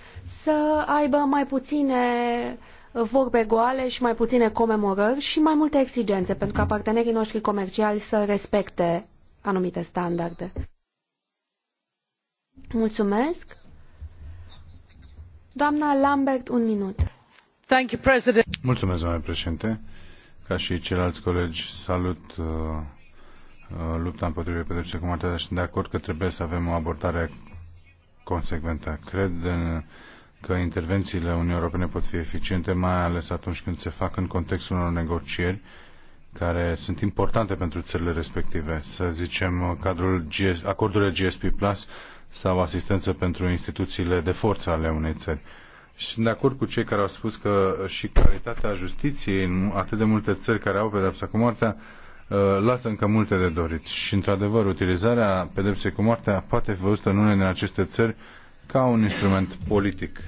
să aibă mai puține uh, vorbe goale și mai puține comemorări și mai multe exigențe pentru ca partenerii noștri comerciali să respecte anumite standarde. Mulțumesc. Doamna Lambert, un minut. Thank you, President. Mulțumesc, doamne președinte. Ca și ceilalți colegi, salut uh, uh lupta împotriva pedepsei cu moartea, dar sunt de acord că trebuie să avem o abordare consecventă. Cred în că intervențiile Uniunii Europene pot fi eficiente, mai ales atunci când se fac în contextul unor negocieri care sunt importante pentru țările respective. Să zicem, cadrul GS, acordurile GSP Plus sau asistență pentru instituțiile de forță ale unei țări. Și sunt de acord cu cei care au spus că și calitatea justiției în atât de multe țări care au pedepsa cu moartea uh, lasă încă multe de dorit. Și, într-adevăr, utilizarea pedepsei cu moartea poate fi văzută în unele din aceste țări ca un instrument politic.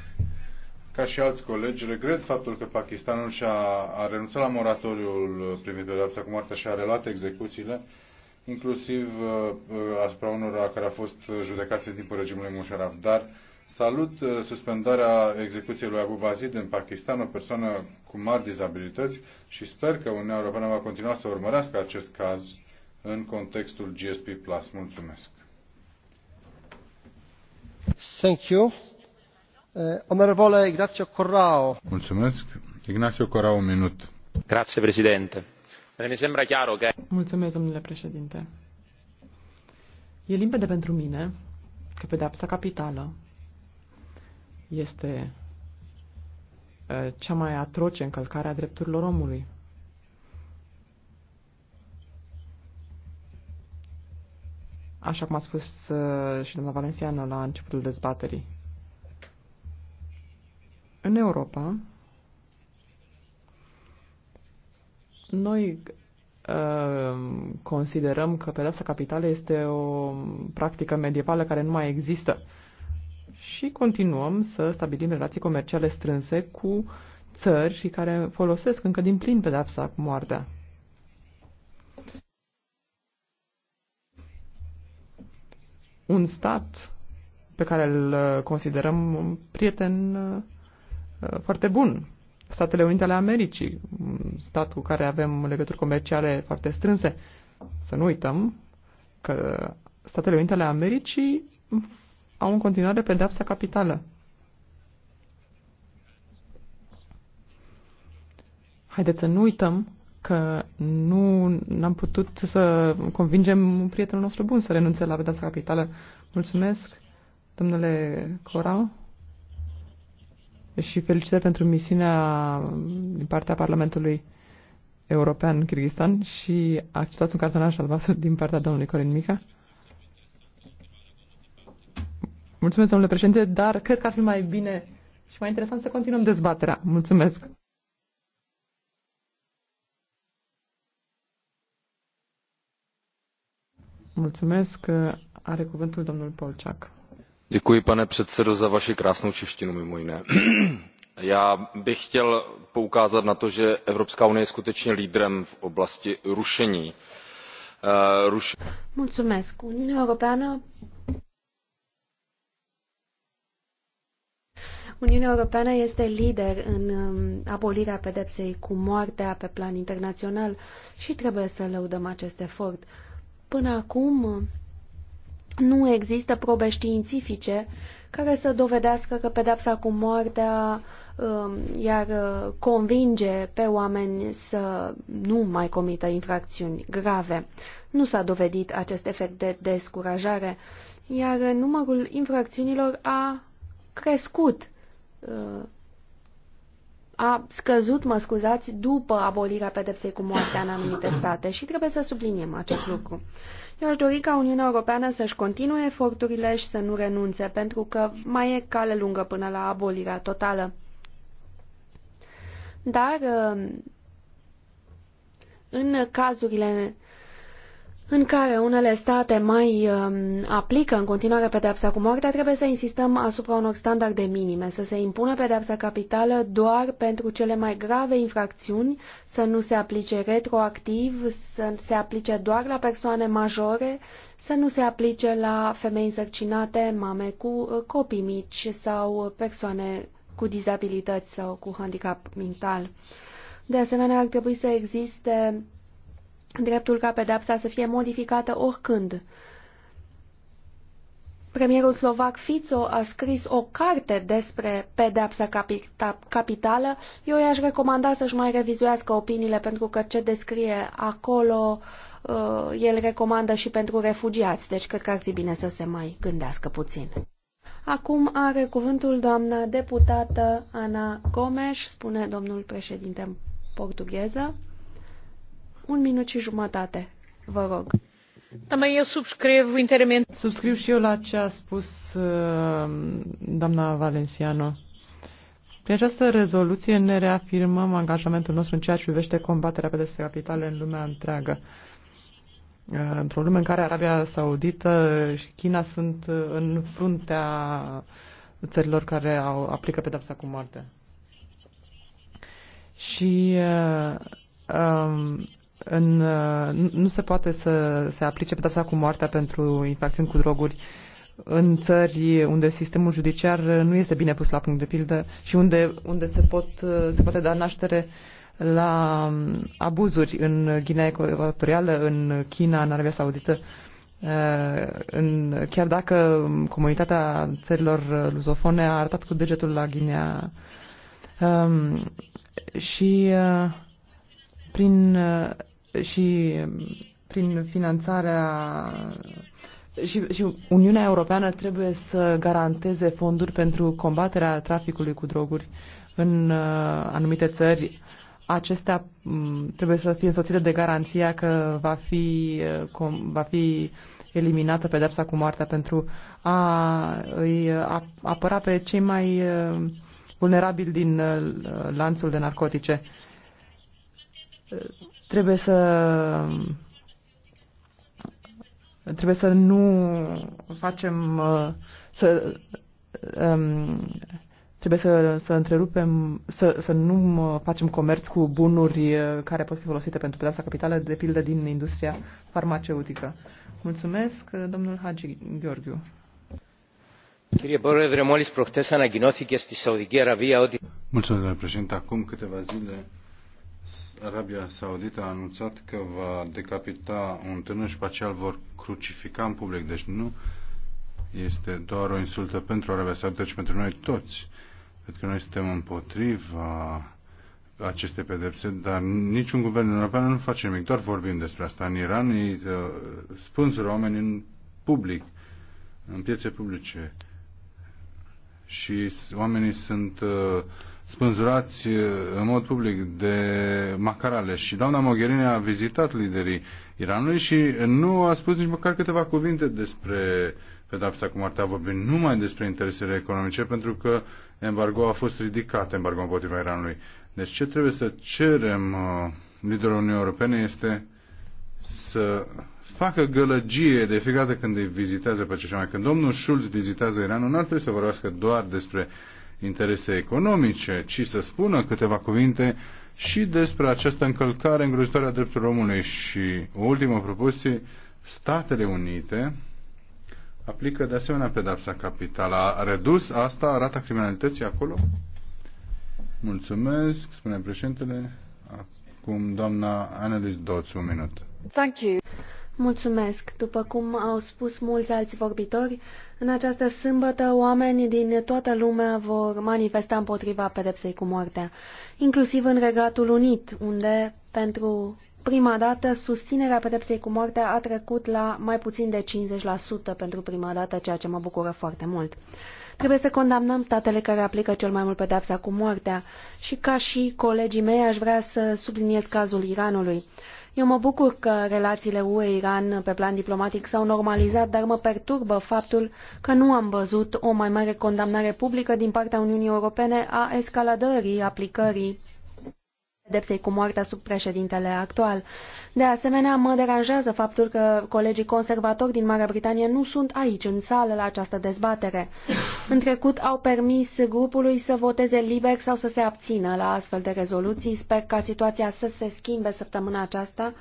Ca și alți colegi, regret faptul că Pakistanul și-a a renunțat la moratoriul primit pedeapsa cu moartea și a reluat execuțiile, inclusiv uh, uh, asupra unora care au fost judecați în timpul regimului Musharraf. Dar salut uh, suspendarea execuției lui Abu Bazid în Pakistan, o persoană cu mari dizabilități și sper că Uniunea Europeană va continua să urmărească acest caz în contextul GSP+. Mulțumesc! Thank you. Eh, onorevole Ignacio Corrao. Mulțumesc. Ignacio Corrao, un minut. Grazie, președinte. Mi sembra chiar că... Mulțumesc, domnule președinte. E limpede pentru mine că pedeapsa capitală este eh, cea mai atroce încălcare a drepturilor omului. Așa cum a spus eh, și domnul Valenciano la începutul dezbaterii. În Europa, noi uh, considerăm că pedeapsa capitală este o practică medievală care nu mai există și continuăm să stabilim relații comerciale strânse cu țări și care folosesc încă din plin pedeapsa cu moartea. Un stat pe care îl considerăm un prieten uh, Uh, foarte bun. Statele Unite ale Americii, mm, stat cu care avem legături comerciale foarte strânse. Să nu uităm că Statele Unite ale Americii au în continuare pedepsa capitală. Haideți să nu uităm că nu n-am putut să convingem un prietenul nostru bun să renunțe la pedepsa capitală. Mulțumesc, domnule Corau și felicitări pentru misiunea din partea Parlamentului European Kyrgyzstan și acceptați un cartonaș albastru din partea domnului Corin Mica. Mulțumesc, domnule președinte, dar cred că ar fi mai bine și mai interesant să continuăm dezbaterea. Mulțumesc! Mulțumesc. Are cuvântul domnul Polciac pane předsedající za vaši krásnou češtinu mimo jiné. já bych chtěl poukázat na to že evropská unie je skutečně lídrem v oblasti rušení. Eh, Uniunea Europeană este lider în um, abolirea pedepsei cu moartea pe plan internațional și trebuie să lăudăm acest efort. Până acum, nu există probe științifice care să dovedească că pedepsa cu moartea um, iar uh, convinge pe oameni să nu mai comită infracțiuni grave. Nu s-a dovedit acest efect de descurajare, iar numărul infracțiunilor a crescut, uh, a scăzut, mă scuzați, după abolirea pedepsei cu moartea în anumite state și trebuie să subliniem acest lucru. Eu aș dori ca Uniunea Europeană să-și continue eforturile și să nu renunțe, pentru că mai e cale lungă până la abolirea totală. Dar în cazurile în care unele state mai um, aplică în continuare pedepsa cu moartea, trebuie să insistăm asupra unor standarde minime, să se impună pedepsa capitală doar pentru cele mai grave infracțiuni, să nu se aplice retroactiv, să se aplice doar la persoane majore, să nu se aplice la femei însărcinate, mame cu uh, copii mici sau persoane cu dizabilități sau cu handicap mental. De asemenea, ar trebui să existe dreptul ca pedepsa să fie modificată oricând. Premierul slovac Fico a scris o carte despre pedepsa capita capitală. Eu i-aș recomanda să-și mai revizuiască opiniile pentru că ce descrie acolo uh, el recomandă și pentru refugiați, deci cred că ar fi bine să se mai gândească puțin. Acum are cuvântul doamna deputată Ana Gomes, spune domnul președinte în portugheză. Un minut și jumătate, vă rog. Também eu subscrevo inteiramente. Subscriu și eu la ce a spus uh, doamna Valenciano. Prin această rezoluție ne reafirmăm angajamentul nostru în ceea ce privește combaterea pedepsei capitale în lumea întreagă. Uh, într-o lume în care Arabia Saudită și China sunt uh, în fruntea țărilor care au, aplică pedepsa cu moarte. Și um, în, nu se poate să se aplice pedepsa cu moartea pentru infracțiuni cu droguri în țări unde sistemul judiciar nu este bine pus la punct de pildă și unde, unde se, pot, se poate da naștere la um, abuzuri în Guinea Ecuatorială, în China, în Arabia Saudită, uh, în, chiar dacă comunitatea țărilor lusofone a arătat cu degetul la Guinea. Um, și uh, prin uh, și prin finanțarea și, și Uniunea Europeană trebuie să garanteze fonduri pentru combaterea traficului cu droguri în uh, anumite țări. Acestea mm, trebuie să fie însoțite de garanția că va fi, uh, va fi eliminată pedepsa cu moartea pentru a îi apăra pe cei mai vulnerabili din lanțul de narcotice trebuie să trebuie să nu facem uh, să um, trebuie să, să întrerupem, să, să nu uh, facem comerț cu bunuri uh, care pot fi folosite pentru piața capitală, de pildă din industria farmaceutică. Mulțumesc, domnul Hagi Gheorghiu. Mulțumesc, domnule președinte. Acum câteva zile Arabia Saudită a anunțat că va decapita un tânăr și pe aceea vor crucifica în public. Deci nu este doar o insultă pentru Arabia Saudită, ci pentru noi toți. Pentru că noi suntem împotriva aceste pedepse, dar niciun guvern european nu face nimic, doar vorbim despre asta. În Iran îi uh, spânzură oameni în public, în piețe publice și oamenii sunt uh, spânzurați eh, în mod public de macarale și doamna Mogherini a vizitat liderii Iranului și nu a spus nici măcar câteva cuvinte despre pedapsa cu moartea, vorbim numai despre interesele economice pentru că embargo a fost ridicat, embargo împotriva Iranului. Deci ce trebuie să cerem eh, liderul Uniunii Europene este să facă gălăgie de fiecare dată când îi vizitează pe mai Când domnul Schulz vizitează Iranul, n-ar trebui să vorbească doar despre interese economice, ci să spună câteva cuvinte și despre această încălcare îngrozitoare a drepturilor omului. Și o ultimă propoziție, Statele Unite aplică de asemenea pedapsa capitală. A redus asta rata criminalității acolo? Mulțumesc, spune președintele. Acum doamna Annelies Doț, un minut. Thank you. Mulțumesc. După cum au spus mulți alți vorbitori, în această sâmbătă oameni din toată lumea vor manifesta împotriva pedepsei cu moartea, inclusiv în Regatul Unit, unde, pentru prima dată, susținerea pedepsei cu moartea a trecut la mai puțin de 50% pentru prima dată, ceea ce mă bucură foarte mult. Trebuie să condamnăm statele care aplică cel mai mult pedepsa cu moartea și, ca și colegii mei, aș vrea să subliniez cazul Iranului eu mă bucur că relațiile UE-Iran pe plan diplomatic s-au normalizat, dar mă perturbă faptul că nu am văzut o mai mare condamnare publică din partea Uniunii Europene a escaladării aplicării pedepsei cu moartea sub președintele actual. De asemenea, mă deranjează faptul că colegii conservatori din Marea Britanie nu sunt aici, în sală, la această dezbatere. În trecut au permis grupului să voteze liber sau să se abțină la astfel de rezoluții. Sper ca situația să se schimbe săptămâna aceasta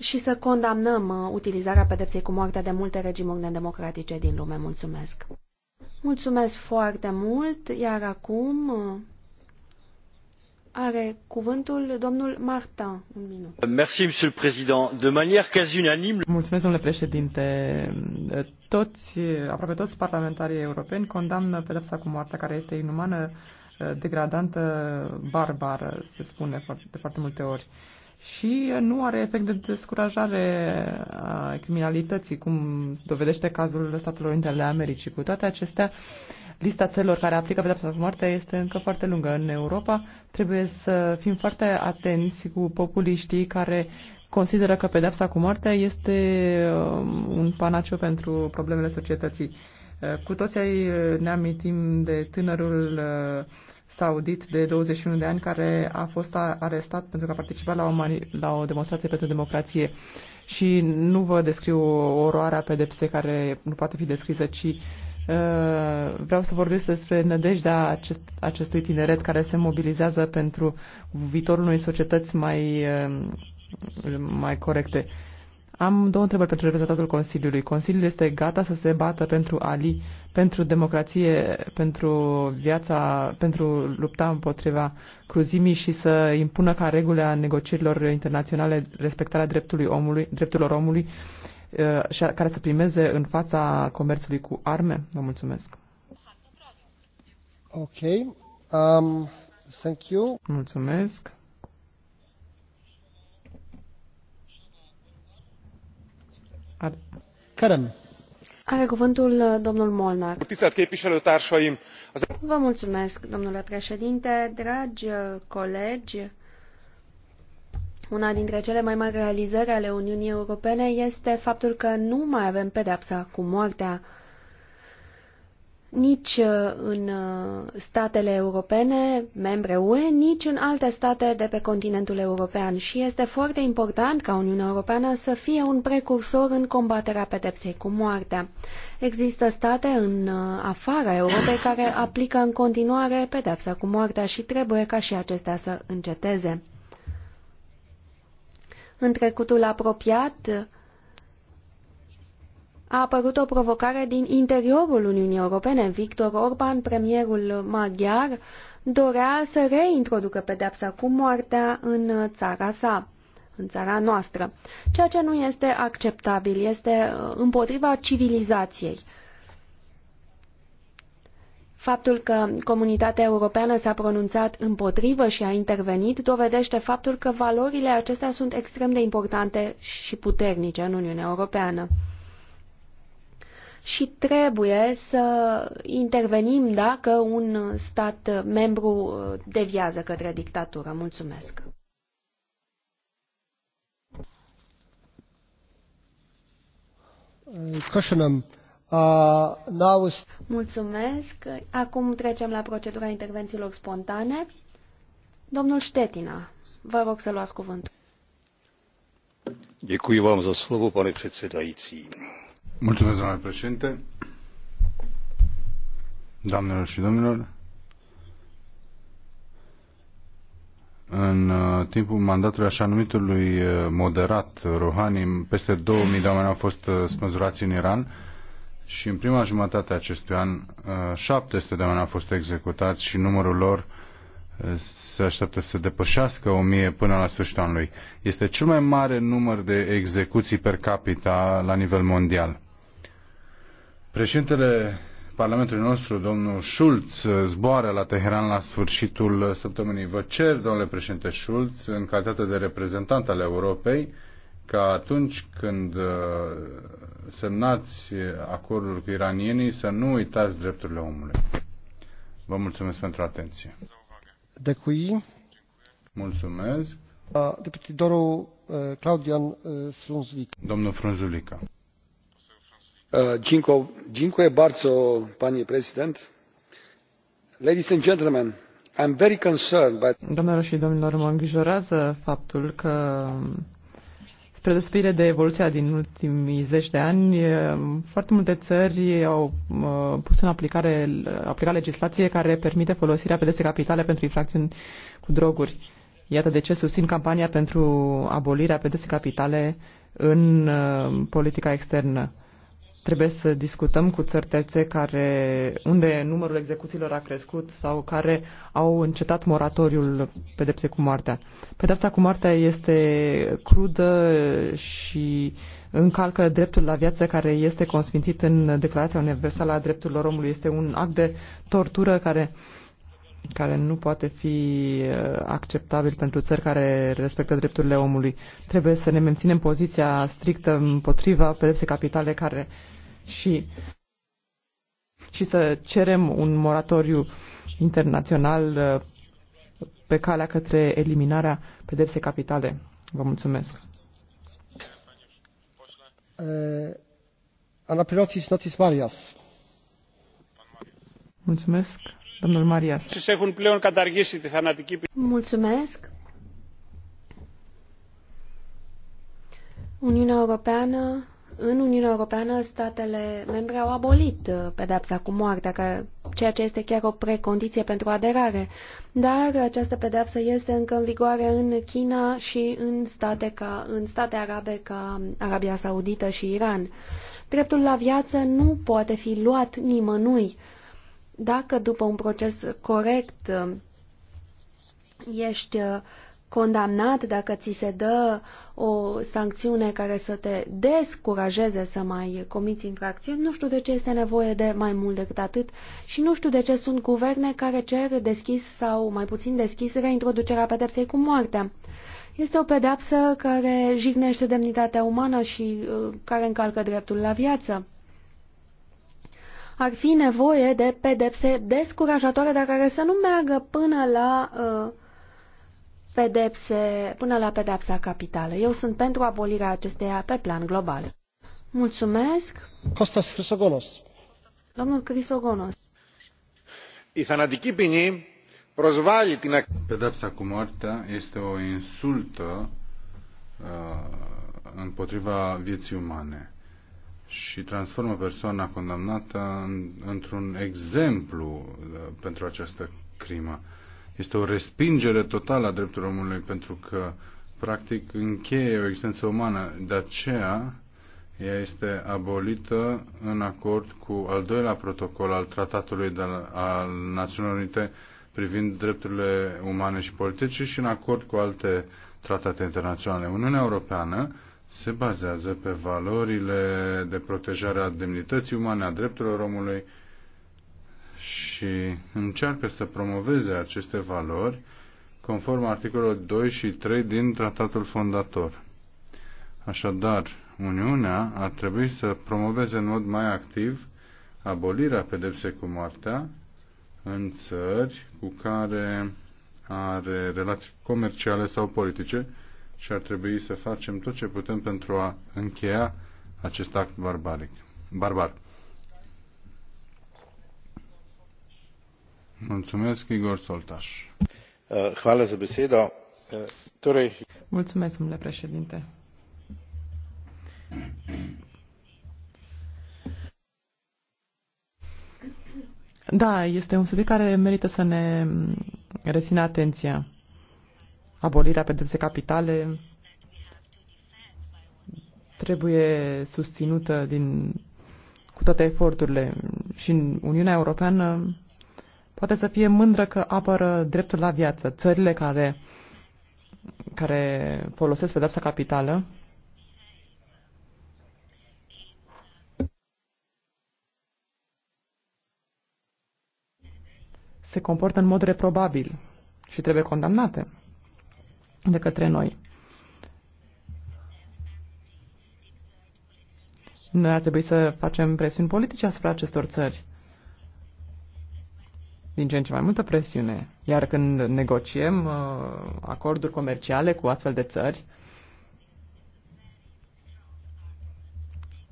și să condamnăm uh, utilizarea pedepsei cu moartea de multe regimuri nedemocratice din lume. Mulțumesc! Mulțumesc foarte mult, iar acum uh, are cuvântul domnul Martin, un minut. Merci, monsieur le président. De manière quasi unanime... Mulțumesc, domnule președinte. Toți, aproape toți parlamentarii europeni condamnă pedepsa cu moartea, care este inumană, degradantă, barbară, se spune de foarte multe ori și nu are efect de descurajare a criminalității, cum dovedește cazul Statelor Unite ale Americii. Cu toate acestea, lista țărilor care aplică pedepsa cu moartea este încă foarte lungă. În Europa trebuie să fim foarte atenți cu populiștii care consideră că pedepsa cu moartea este um, un panaciu pentru problemele societății. Uh, cu toții uh, ne amintim de tânărul uh, saudit de 21 de ani care a fost arestat pentru că a participat la o, mani- la o demonstrație pentru democrație. Și nu vă descriu oroarea pedepsei care nu poate fi descrisă, ci Uh, vreau să vorbesc despre nădejdea acest, acestui tineret care se mobilizează pentru viitorul unei societăți mai, uh, mai corecte. Am două întrebări pentru reprezentantul Consiliului. Consiliul este gata să se bată pentru Ali, pentru democrație, pentru viața, pentru lupta împotriva cruzimii și să impună ca regulă a negocierilor internaționale respectarea dreptului omului, drepturilor omului Uh, și care să primeze în fața comerțului cu arme? Vă mulțumesc. Ok. Um, thank you. Mulțumesc. Ar... Kerem. Are cuvântul uh, domnul Molnar. Vă mulțumesc, domnule președinte, dragi uh, colegi. Una dintre cele mai mari realizări ale Uniunii Europene este faptul că nu mai avem pedepsa cu moartea. Nici uh, în uh, statele europene, membre UE, nici în alte state de pe continentul european și este foarte important ca Uniunea Europeană să fie un precursor în combaterea pedepsei cu moartea. Există state în uh, afara Europei care aplică în continuare pedepsa cu moartea și trebuie ca și acestea să înceteze în trecutul apropiat a apărut o provocare din interiorul Uniunii Europene. Victor Orban, premierul maghiar, dorea să reintroducă pedepsa cu moartea în țara sa, în țara noastră, ceea ce nu este acceptabil, este împotriva civilizației. Faptul că comunitatea europeană s-a pronunțat împotrivă și a intervenit dovedește faptul că valorile acestea sunt extrem de importante și puternice în Uniunea Europeană. Și trebuie să intervenim dacă un stat membru deviază către dictatură. Mulțumesc! Köszönöm Uh, Mulțumesc. Acum trecem la procedura intervențiilor spontane. Domnul Ștetina, vă rog să luați cuvântul. Děkuji vám za slovo, pane předsedající. Mulțumesc, domnule președinte. Doamnelor și domnilor, în uh, timpul mandatului așa numitului uh, moderat Rouhani, peste 2000 de oameni au fost spânzurați în Iran și în prima jumătate a acestui an 700 uh, de oameni au fost executați și numărul lor uh, se așteaptă să depășească 1000 până la sfârșitul anului. Este cel mai mare număr de execuții per capita la nivel mondial. Președintele Parlamentului nostru, domnul Schulz, zboară la Teheran la sfârșitul săptămânii. Vă cer, domnule președinte Schulz, în calitate de reprezentant al Europei, ca atunci când uh, semnați acordul cu iranienii să nu uitați drepturile omului. Vă mulțumesc pentru atenție. De cui? Mulțumesc. Deputidorul uh, Claudian uh, Frunzulica. Domnul Frunzulica. Cinque barzo, panie president. Ladies and gentlemen, I'm very concerned by... Domnilor și domnilor, mă îngrijorează faptul că spre despire de evoluția din ultimii zeci de ani, foarte multe țări au pus în aplicare, aplicat legislație care permite folosirea pedepsei capitale pentru infracțiuni cu droguri. Iată de ce susțin campania pentru abolirea pedepsei capitale în politica externă. Trebuie să discutăm cu țări terțe care, unde numărul execuțiilor a crescut sau care au încetat moratoriul pedepsei cu moartea. Pedepsa cu moartea este crudă și încalcă dreptul la viață care este consfințit în Declarația Universală a Drepturilor Omului. Este un act de tortură care uh, care nu poate fi uh, acceptabil pentru țări care respectă drepturile omului. Trebuie să ne menținem poziția strictă împotriva pedepsei capitale care și, și să cerem un moratoriu internațional uh, pe calea către eliminarea pedepsei capitale. Vă mulțumesc. Uh, Anapilotis Notis Marias. Mulțumesc. Uniunea Europeană, în Uniunea Europeană, statele membre au abolit uh, pedepsa cu moartea, ceea ce este chiar o precondiție pentru aderare. Dar această pedepsă este încă în vigoare în China și în state, ca, în state arabe ca Arabia Saudită și Iran. Dreptul la viață nu poate fi luat nimănui dacă după un proces corect um, ești uh, condamnat, dacă ți se dă o sancțiune care să te descurajeze să mai comiți infracțiuni, nu știu de ce este nevoie de mai mult decât atât și nu știu de ce sunt guverne care cer deschis sau mai puțin deschis reintroducerea pedepsei cu moartea. Este o pedeapsă care jignește demnitatea umană și uh, care încalcă dreptul la viață ar fi nevoie de pedepse descurajatoare, dar care să nu meargă până la uh, pedepse, până la pedepsa capitală. Eu sunt pentru abolirea acesteia pe plan global. Mulțumesc. Costas Crisogonos. Domnul Crisogonos. Η θανατική ποινή προσβάλλει την Pedepsa cu moartea este o insultă uh, împotriva vieții umane și transformă persoana condamnată în, într-un exemplu uh, pentru această crimă. Este o respingere totală a drepturilor omului pentru că, practic, încheie o existență umană. De aceea, ea este abolită în acord cu al doilea protocol al Tratatului de la, al Națiunilor Unite privind drepturile umane și politice și în acord cu alte tratate internaționale. Uniunea Europeană se bazează pe valorile de protejare a demnității umane, a drepturilor omului și încearcă să promoveze aceste valori conform articolelor 2 și 3 din tratatul fondator. Așadar, Uniunea ar trebui să promoveze în mod mai activ abolirea pedepsei cu moartea în țări cu care are relații comerciale sau politice, și ar trebui să facem tot ce putem pentru a încheia acest act barbaric. barbar. Mulțumesc, Igor Soltaș. Eh, hvala za besedo. Eh, torej... Mulțumesc, domnule președinte. Da, este un subiect care merită să ne rețină atenția abolirea pedepsei capitale trebuie susținută din, cu toate eforturile și în Uniunea Europeană poate să fie mândră că apără dreptul la viață. Țările care, care folosesc pedepsa capitală se comportă în mod reprobabil și trebuie condamnate de către noi. Noi ar trebui să facem presiuni politice asupra acestor țări. Din ce în ce mai multă presiune. Iar când negociem uh, acorduri comerciale cu astfel de țări,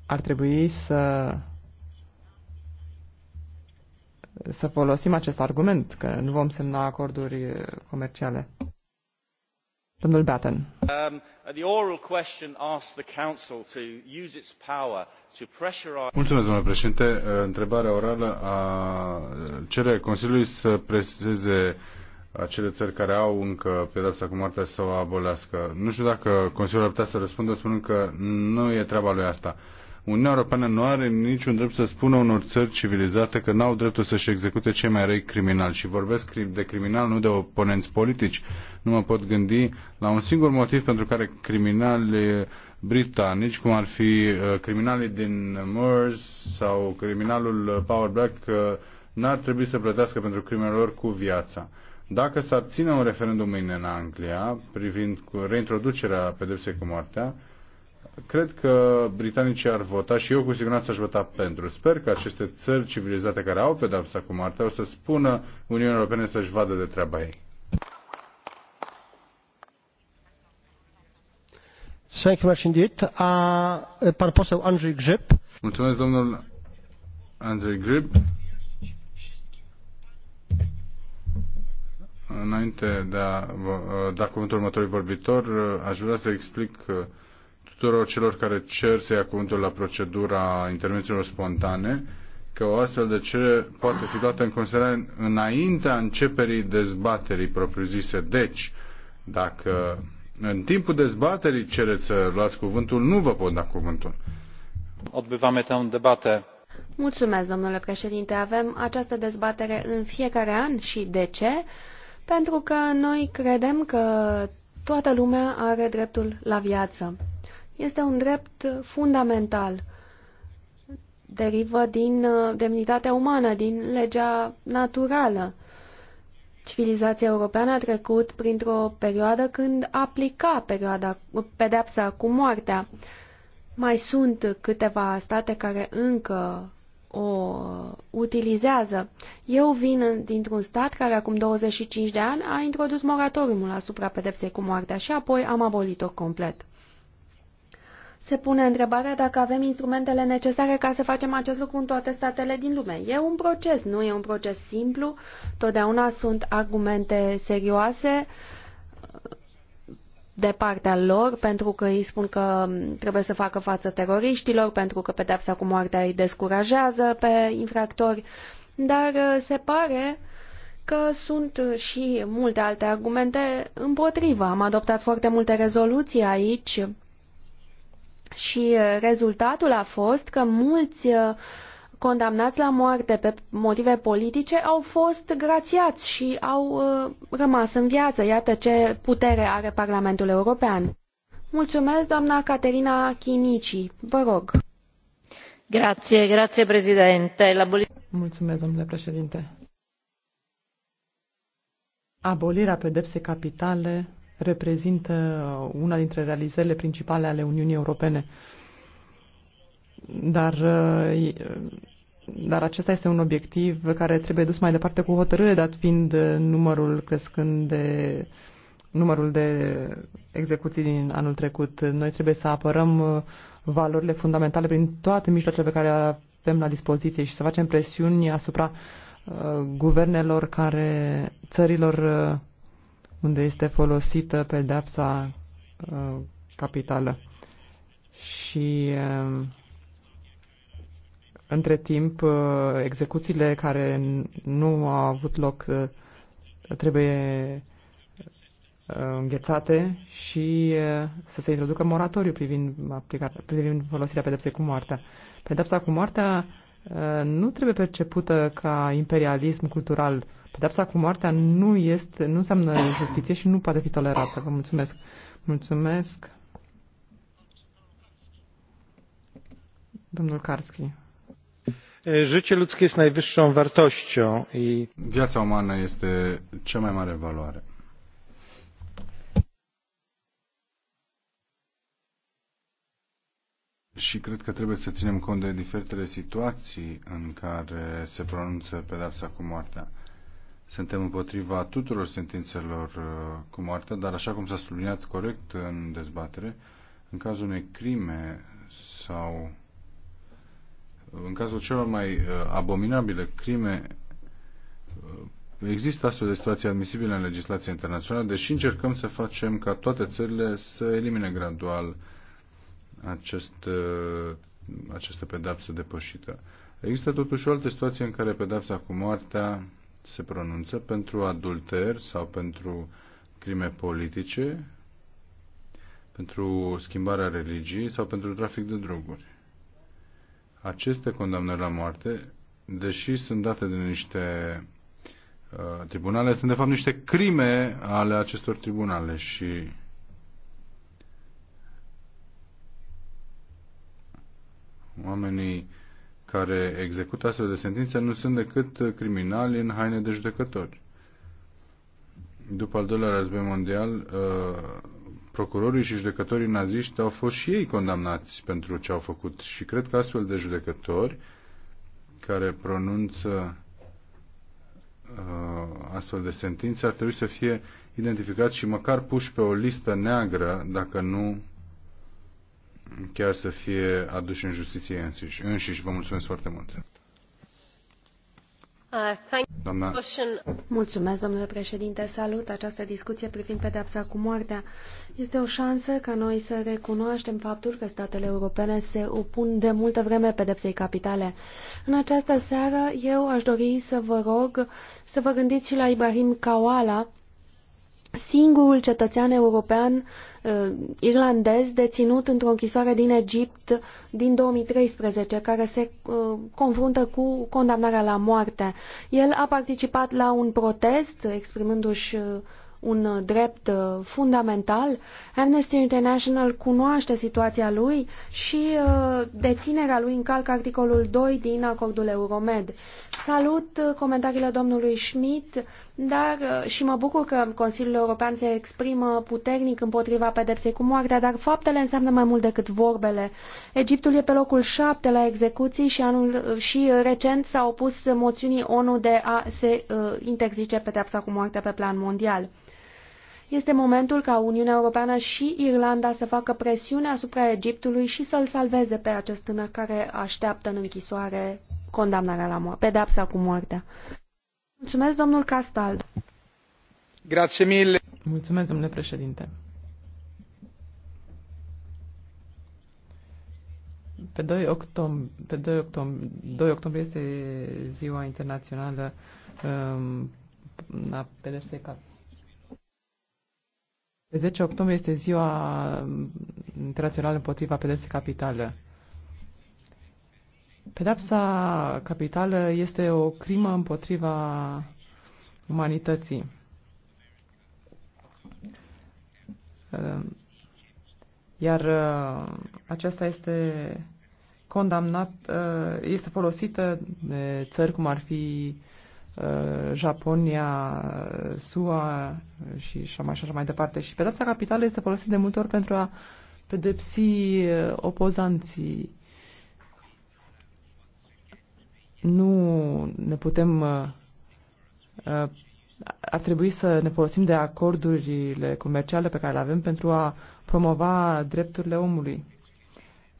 ar trebui să să folosim acest argument, că nu vom semna acorduri comerciale. Domnul Batten. Mulțumesc, domnule președinte. Uh, întrebarea orală uh, cere Consiliului să preseze acele țări care au încă pedepsa cu moartea să o abolească. Nu știu dacă Consiliul ar putea să răspundă spunând că nu e treaba lui asta. Uniunea Europeană nu are niciun drept să spună unor țări civilizate că n-au dreptul să-și execute cei mai răi criminali. Și vorbesc de criminal, nu de oponenți politici. Nu mă pot gândi la un singur motiv pentru care criminali britanici, cum ar fi uh, criminalii din Moors sau criminalul uh, Power Black, uh, n-ar trebui să plătească pentru crimele lor cu viața. Dacă s-ar ține un referendum mâine în Anglia privind reintroducerea pedepsei cu moartea, cred că britanicii ar vota și eu cu siguranță aș vota pentru. Sper că aceste țări civilizate care au pedapsa cu moartea o să spună Uniunea Europeană să-și vadă de treaba ei. Thank you much indeed. Uh, par Mulțumesc, domnul Andrei Grip. Înainte de a uh, da cuvântul următorului vorbitor, uh, aș vrea să explic uh, tuturor celor care cer să ia cuvântul la procedura intervențiilor spontane că o astfel de cerere poate fi luată în considerare înaintea începerii dezbaterii propriu-zise. Deci, dacă în timpul dezbaterii cereți să luați cuvântul, nu vă pot da cuvântul. Odbywamy un debate. Mulțumesc, domnule președinte. Avem această dezbatere în fiecare an și de ce? Pentru că noi credem că toată lumea are dreptul la viață este un drept fundamental. Derivă din uh, demnitatea umană, din legea naturală. Civilizația europeană a trecut printr-o perioadă când aplica perioada, pedepsa cu moartea. Mai sunt câteva state care încă o utilizează. Eu vin dintr-un stat care acum 25 de ani a introdus moratoriumul asupra pedepsei cu moartea și apoi am abolit-o complet. Se pune întrebarea dacă avem instrumentele necesare ca să facem acest lucru în toate statele din lume. E un proces, nu e un proces simplu, totdeauna sunt argumente serioase uh, de partea lor, pentru că ei spun că trebuie să facă față teroriștilor, pentru că pedepsa cu moartea îi descurajează pe infractori, dar uh, se pare că sunt și multe alte argumente împotriva. Am adoptat foarte multe rezoluții aici și uh, rezultatul a fost că mulți uh, condamnați la moarte pe motive politice au fost grațiați și au uh, rămas în viață. Iată ce putere are Parlamentul European. Mulțumesc, doamna Caterina Chinici. Vă rog. Grație, grație, președinte. Mulțumesc, domnule președinte. Abolirea pedepsei capitale reprezintă una dintre realizările principale ale Uniunii Europene. Dar, uh, dar acesta este un obiectiv care trebuie dus mai departe cu hotărâre, dat fiind uh, numărul crescând de numărul de execuții din anul trecut. Noi trebuie să apărăm uh, valorile fundamentale prin toate mijloacele pe care avem la dispoziție și să facem presiuni asupra uh, guvernelor care, țărilor uh, unde este folosită pedepsa uh, capitală. Și uh, între timp, uh, execuțiile care nu au avut loc uh, trebuie uh, înghețate și uh, să se introducă moratoriu privind, aplicarea, privind folosirea pedepsei cu moartea. Pedepsa cu moartea uh, nu trebuie percepută ca imperialism cultural Pedepsa cu moartea nu, este, nu înseamnă justiție și nu poate fi tolerată. Vă mulțumesc. Mulțumesc. Domnul Karski. Życie ludzkie jest najwyższą wartością i viața umană este cea mai mare valoare. și cred că trebuie să ținem cont de diferitele situații în care se pronunță pedapsa cu moartea. Suntem împotriva tuturor sentințelor uh, cu moartea, dar așa cum s-a subliniat corect în dezbatere, în cazul unei crime sau în cazul celor mai uh, abominabile crime uh, Există astfel de situații admisibile în legislația internațională, deși încercăm să facem ca toate țările să elimine gradual acest, această pedapsă depășită. Există totuși o altă situație în care pedapsa cu moartea se pronunță pentru adulter sau pentru crime politice, pentru schimbarea religiei sau pentru trafic de droguri. Aceste condamnări la moarte, deși sunt date de niște uh, tribunale, sunt de fapt niște crime ale acestor tribunale și oamenii care execută astfel de sentințe nu sunt decât criminali în haine de judecători. După al doilea război mondial, uh, procurorii și judecătorii naziști au fost și ei condamnați pentru ce au făcut și cred că astfel de judecători care pronunță uh, astfel de sentințe ar trebui să fie identificați și măcar puși pe o listă neagră dacă nu chiar să fie aduși în justiție înșiși. înșiși. Vă mulțumesc foarte mult. Uh, Doamna... Mulțumesc, domnule președinte. Salut această discuție privind pedepsa cu moartea. Este o șansă ca noi să recunoaștem faptul că statele europene se opun de multă vreme pedepsei capitale. În această seară, eu aș dori să vă rog să vă gândiți și la Ibrahim Kawala, singurul cetățean european uh, irlandez deținut într-o închisoare din Egipt din 2013, care se uh, confruntă cu condamnarea la moarte. El a participat la un protest exprimându-și uh, un drept uh, fundamental. Amnesty International cunoaște situația lui și uh, deținerea lui încalcă articolul 2 din acordul Euromed. Salut comentariile domnului Schmidt dar, uh, și mă bucur că Consiliul European se exprimă puternic împotriva pedepsei cu moartea, dar faptele înseamnă mai mult decât vorbele. Egiptul e pe locul șapte la execuții și, anul, uh, și uh, recent s-a opus moțiunii ONU de a se uh, interzice pedepsa cu moartea pe plan mondial. Este momentul ca Uniunea Europeană și Irlanda să facă presiune asupra Egiptului și să-l salveze pe acest tânăr care așteaptă în închisoare condamnarea la moarte, pedapsa cu moartea. Mulțumesc, domnul Castaldo. Grazie mille. Mulțumesc, domnule președinte. Pe 2, octombrie, pe 2, octombrie, 2 octombrie este ziua internațională um, a pedepsei ca pe 10 octombrie este ziua um, internațională împotriva pedepsei capitale. Pedapsa capitală este o crimă împotriva umanității. Ehm, iar ehm, aceasta este condamnat, ehm, este folosită de țări cum ar fi Japonia, SUA și așa mai, așa mai departe. Și pedepsa capitală este folosită de multe ori pentru a pedepsi opozanții nu ne putem. Uh, uh, ar trebui să ne folosim de acordurile comerciale pe care le avem pentru a promova drepturile omului.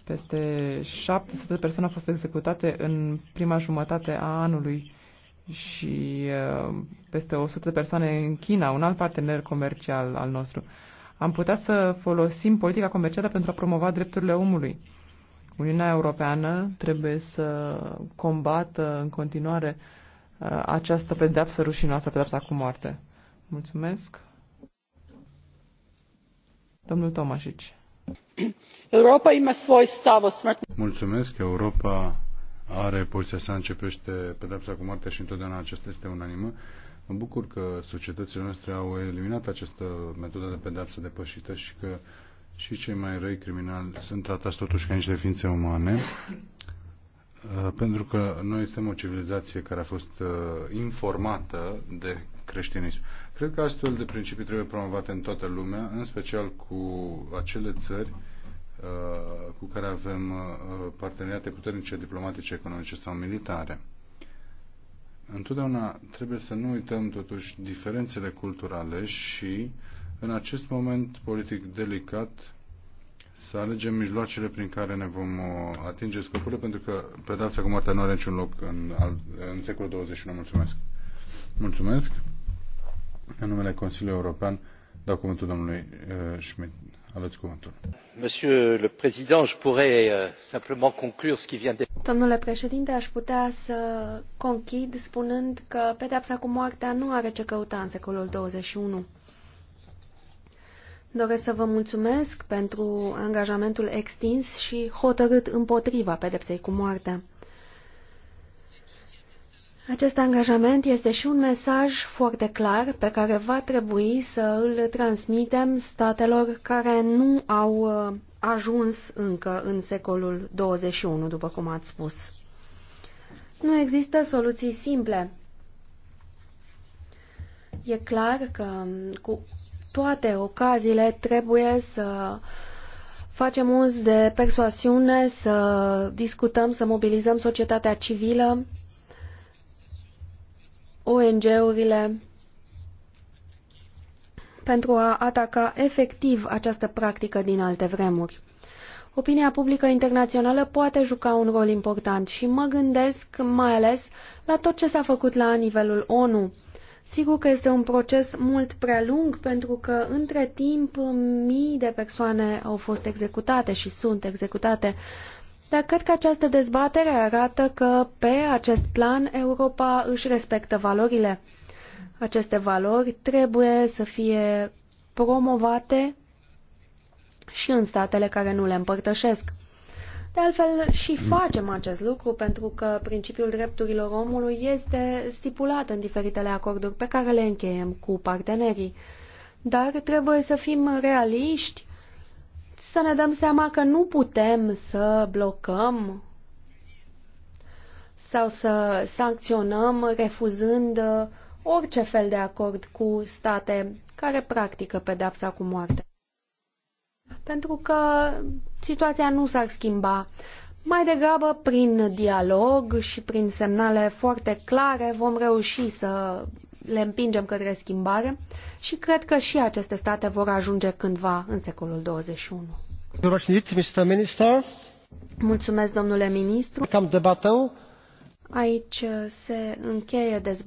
Peste 700 de persoane au fost executate în prima jumătate a anului și uh, peste 100 de persoane în China, un alt partener comercial al nostru. Am putea să folosim politica comercială pentru a promova drepturile omului Uniunea Europeană trebuie să combată în continuare uh, această pedeapsă rușinoasă, pedeapsa cu moarte. Mulțumesc. Domnul Tomașici. Europa ima svoj stav o smrtnosti. Mulțumesc. Europa are poziția sa începește pedepsa cu moarte și întotdeauna acesta este unanimă. Mă bucur că societățile noastre au eliminat această metodă de pedepsă depășită și că uh, și cei mai răi criminali sunt tratați totuși ca niște ființe umane, uh, pentru că noi suntem o civilizație care a fost uh, informată de creștinism. Cred că astfel de principii trebuie promovate în toată lumea, în special cu acele țări uh, cu care avem parteneriate puternice diplomatice, economice sau militare. Întotdeauna trebuie să nu uităm totuși diferențele culturale și uh, în acest moment politic delicat să alegem mijloacele prin care ne vom uh, atinge scopurile, pentru că pedapsa cu moartea nu are niciun loc în, în secolul 21. Mulțumesc! Mulțumesc! În numele Consiliului European dau cuvântul domnului uh, Schmidt. Aveți cuvântul. Monsieur le Président, je pourrais uh, simplement conclure ce qui vient de... Domnule președinte, aș putea să conchid spunând că pedapsa cu moartea nu are ce căuta în secolul 21 Doresc să vă mulțumesc pentru angajamentul extins și hotărât împotriva pedepsei cu moartea. Acest angajament este și un mesaj foarte clar pe care va trebui să îl transmitem statelor care nu au uh, ajuns încă în secolul 21, după cum ați spus. Nu există soluții simple. E clar că cu toate ocaziile trebuie să facem uz de persoasiune, să discutăm, să mobilizăm societatea civilă, ONG-urile, pentru a ataca efectiv această practică din alte vremuri. Opinia publică internațională poate juca un rol important și mă gândesc mai ales la tot ce s-a făcut la nivelul ONU Sigur că este un proces mult prea lung pentru că între timp mii de persoane au fost executate și sunt executate. Dar cred că această dezbatere arată că pe acest plan Europa își respectă valorile. Aceste valori trebuie să fie promovate și în statele care nu le împărtășesc. De altfel și facem acest lucru pentru că principiul drepturilor omului este stipulat în diferitele acorduri pe care le încheiem cu partenerii. Dar trebuie să fim realiști, să ne dăm seama că nu putem să blocăm sau să sancționăm refuzând orice fel de acord cu state care practică pedepsa cu moarte pentru că situația nu s-ar schimba. Mai degrabă, prin dialog și prin semnale foarte clare, vom reuși să le împingem către schimbare și cred că și aceste state vor ajunge cândva în secolul 21. Mulțumesc, domnule ministru. Aici se încheie dezbaterea.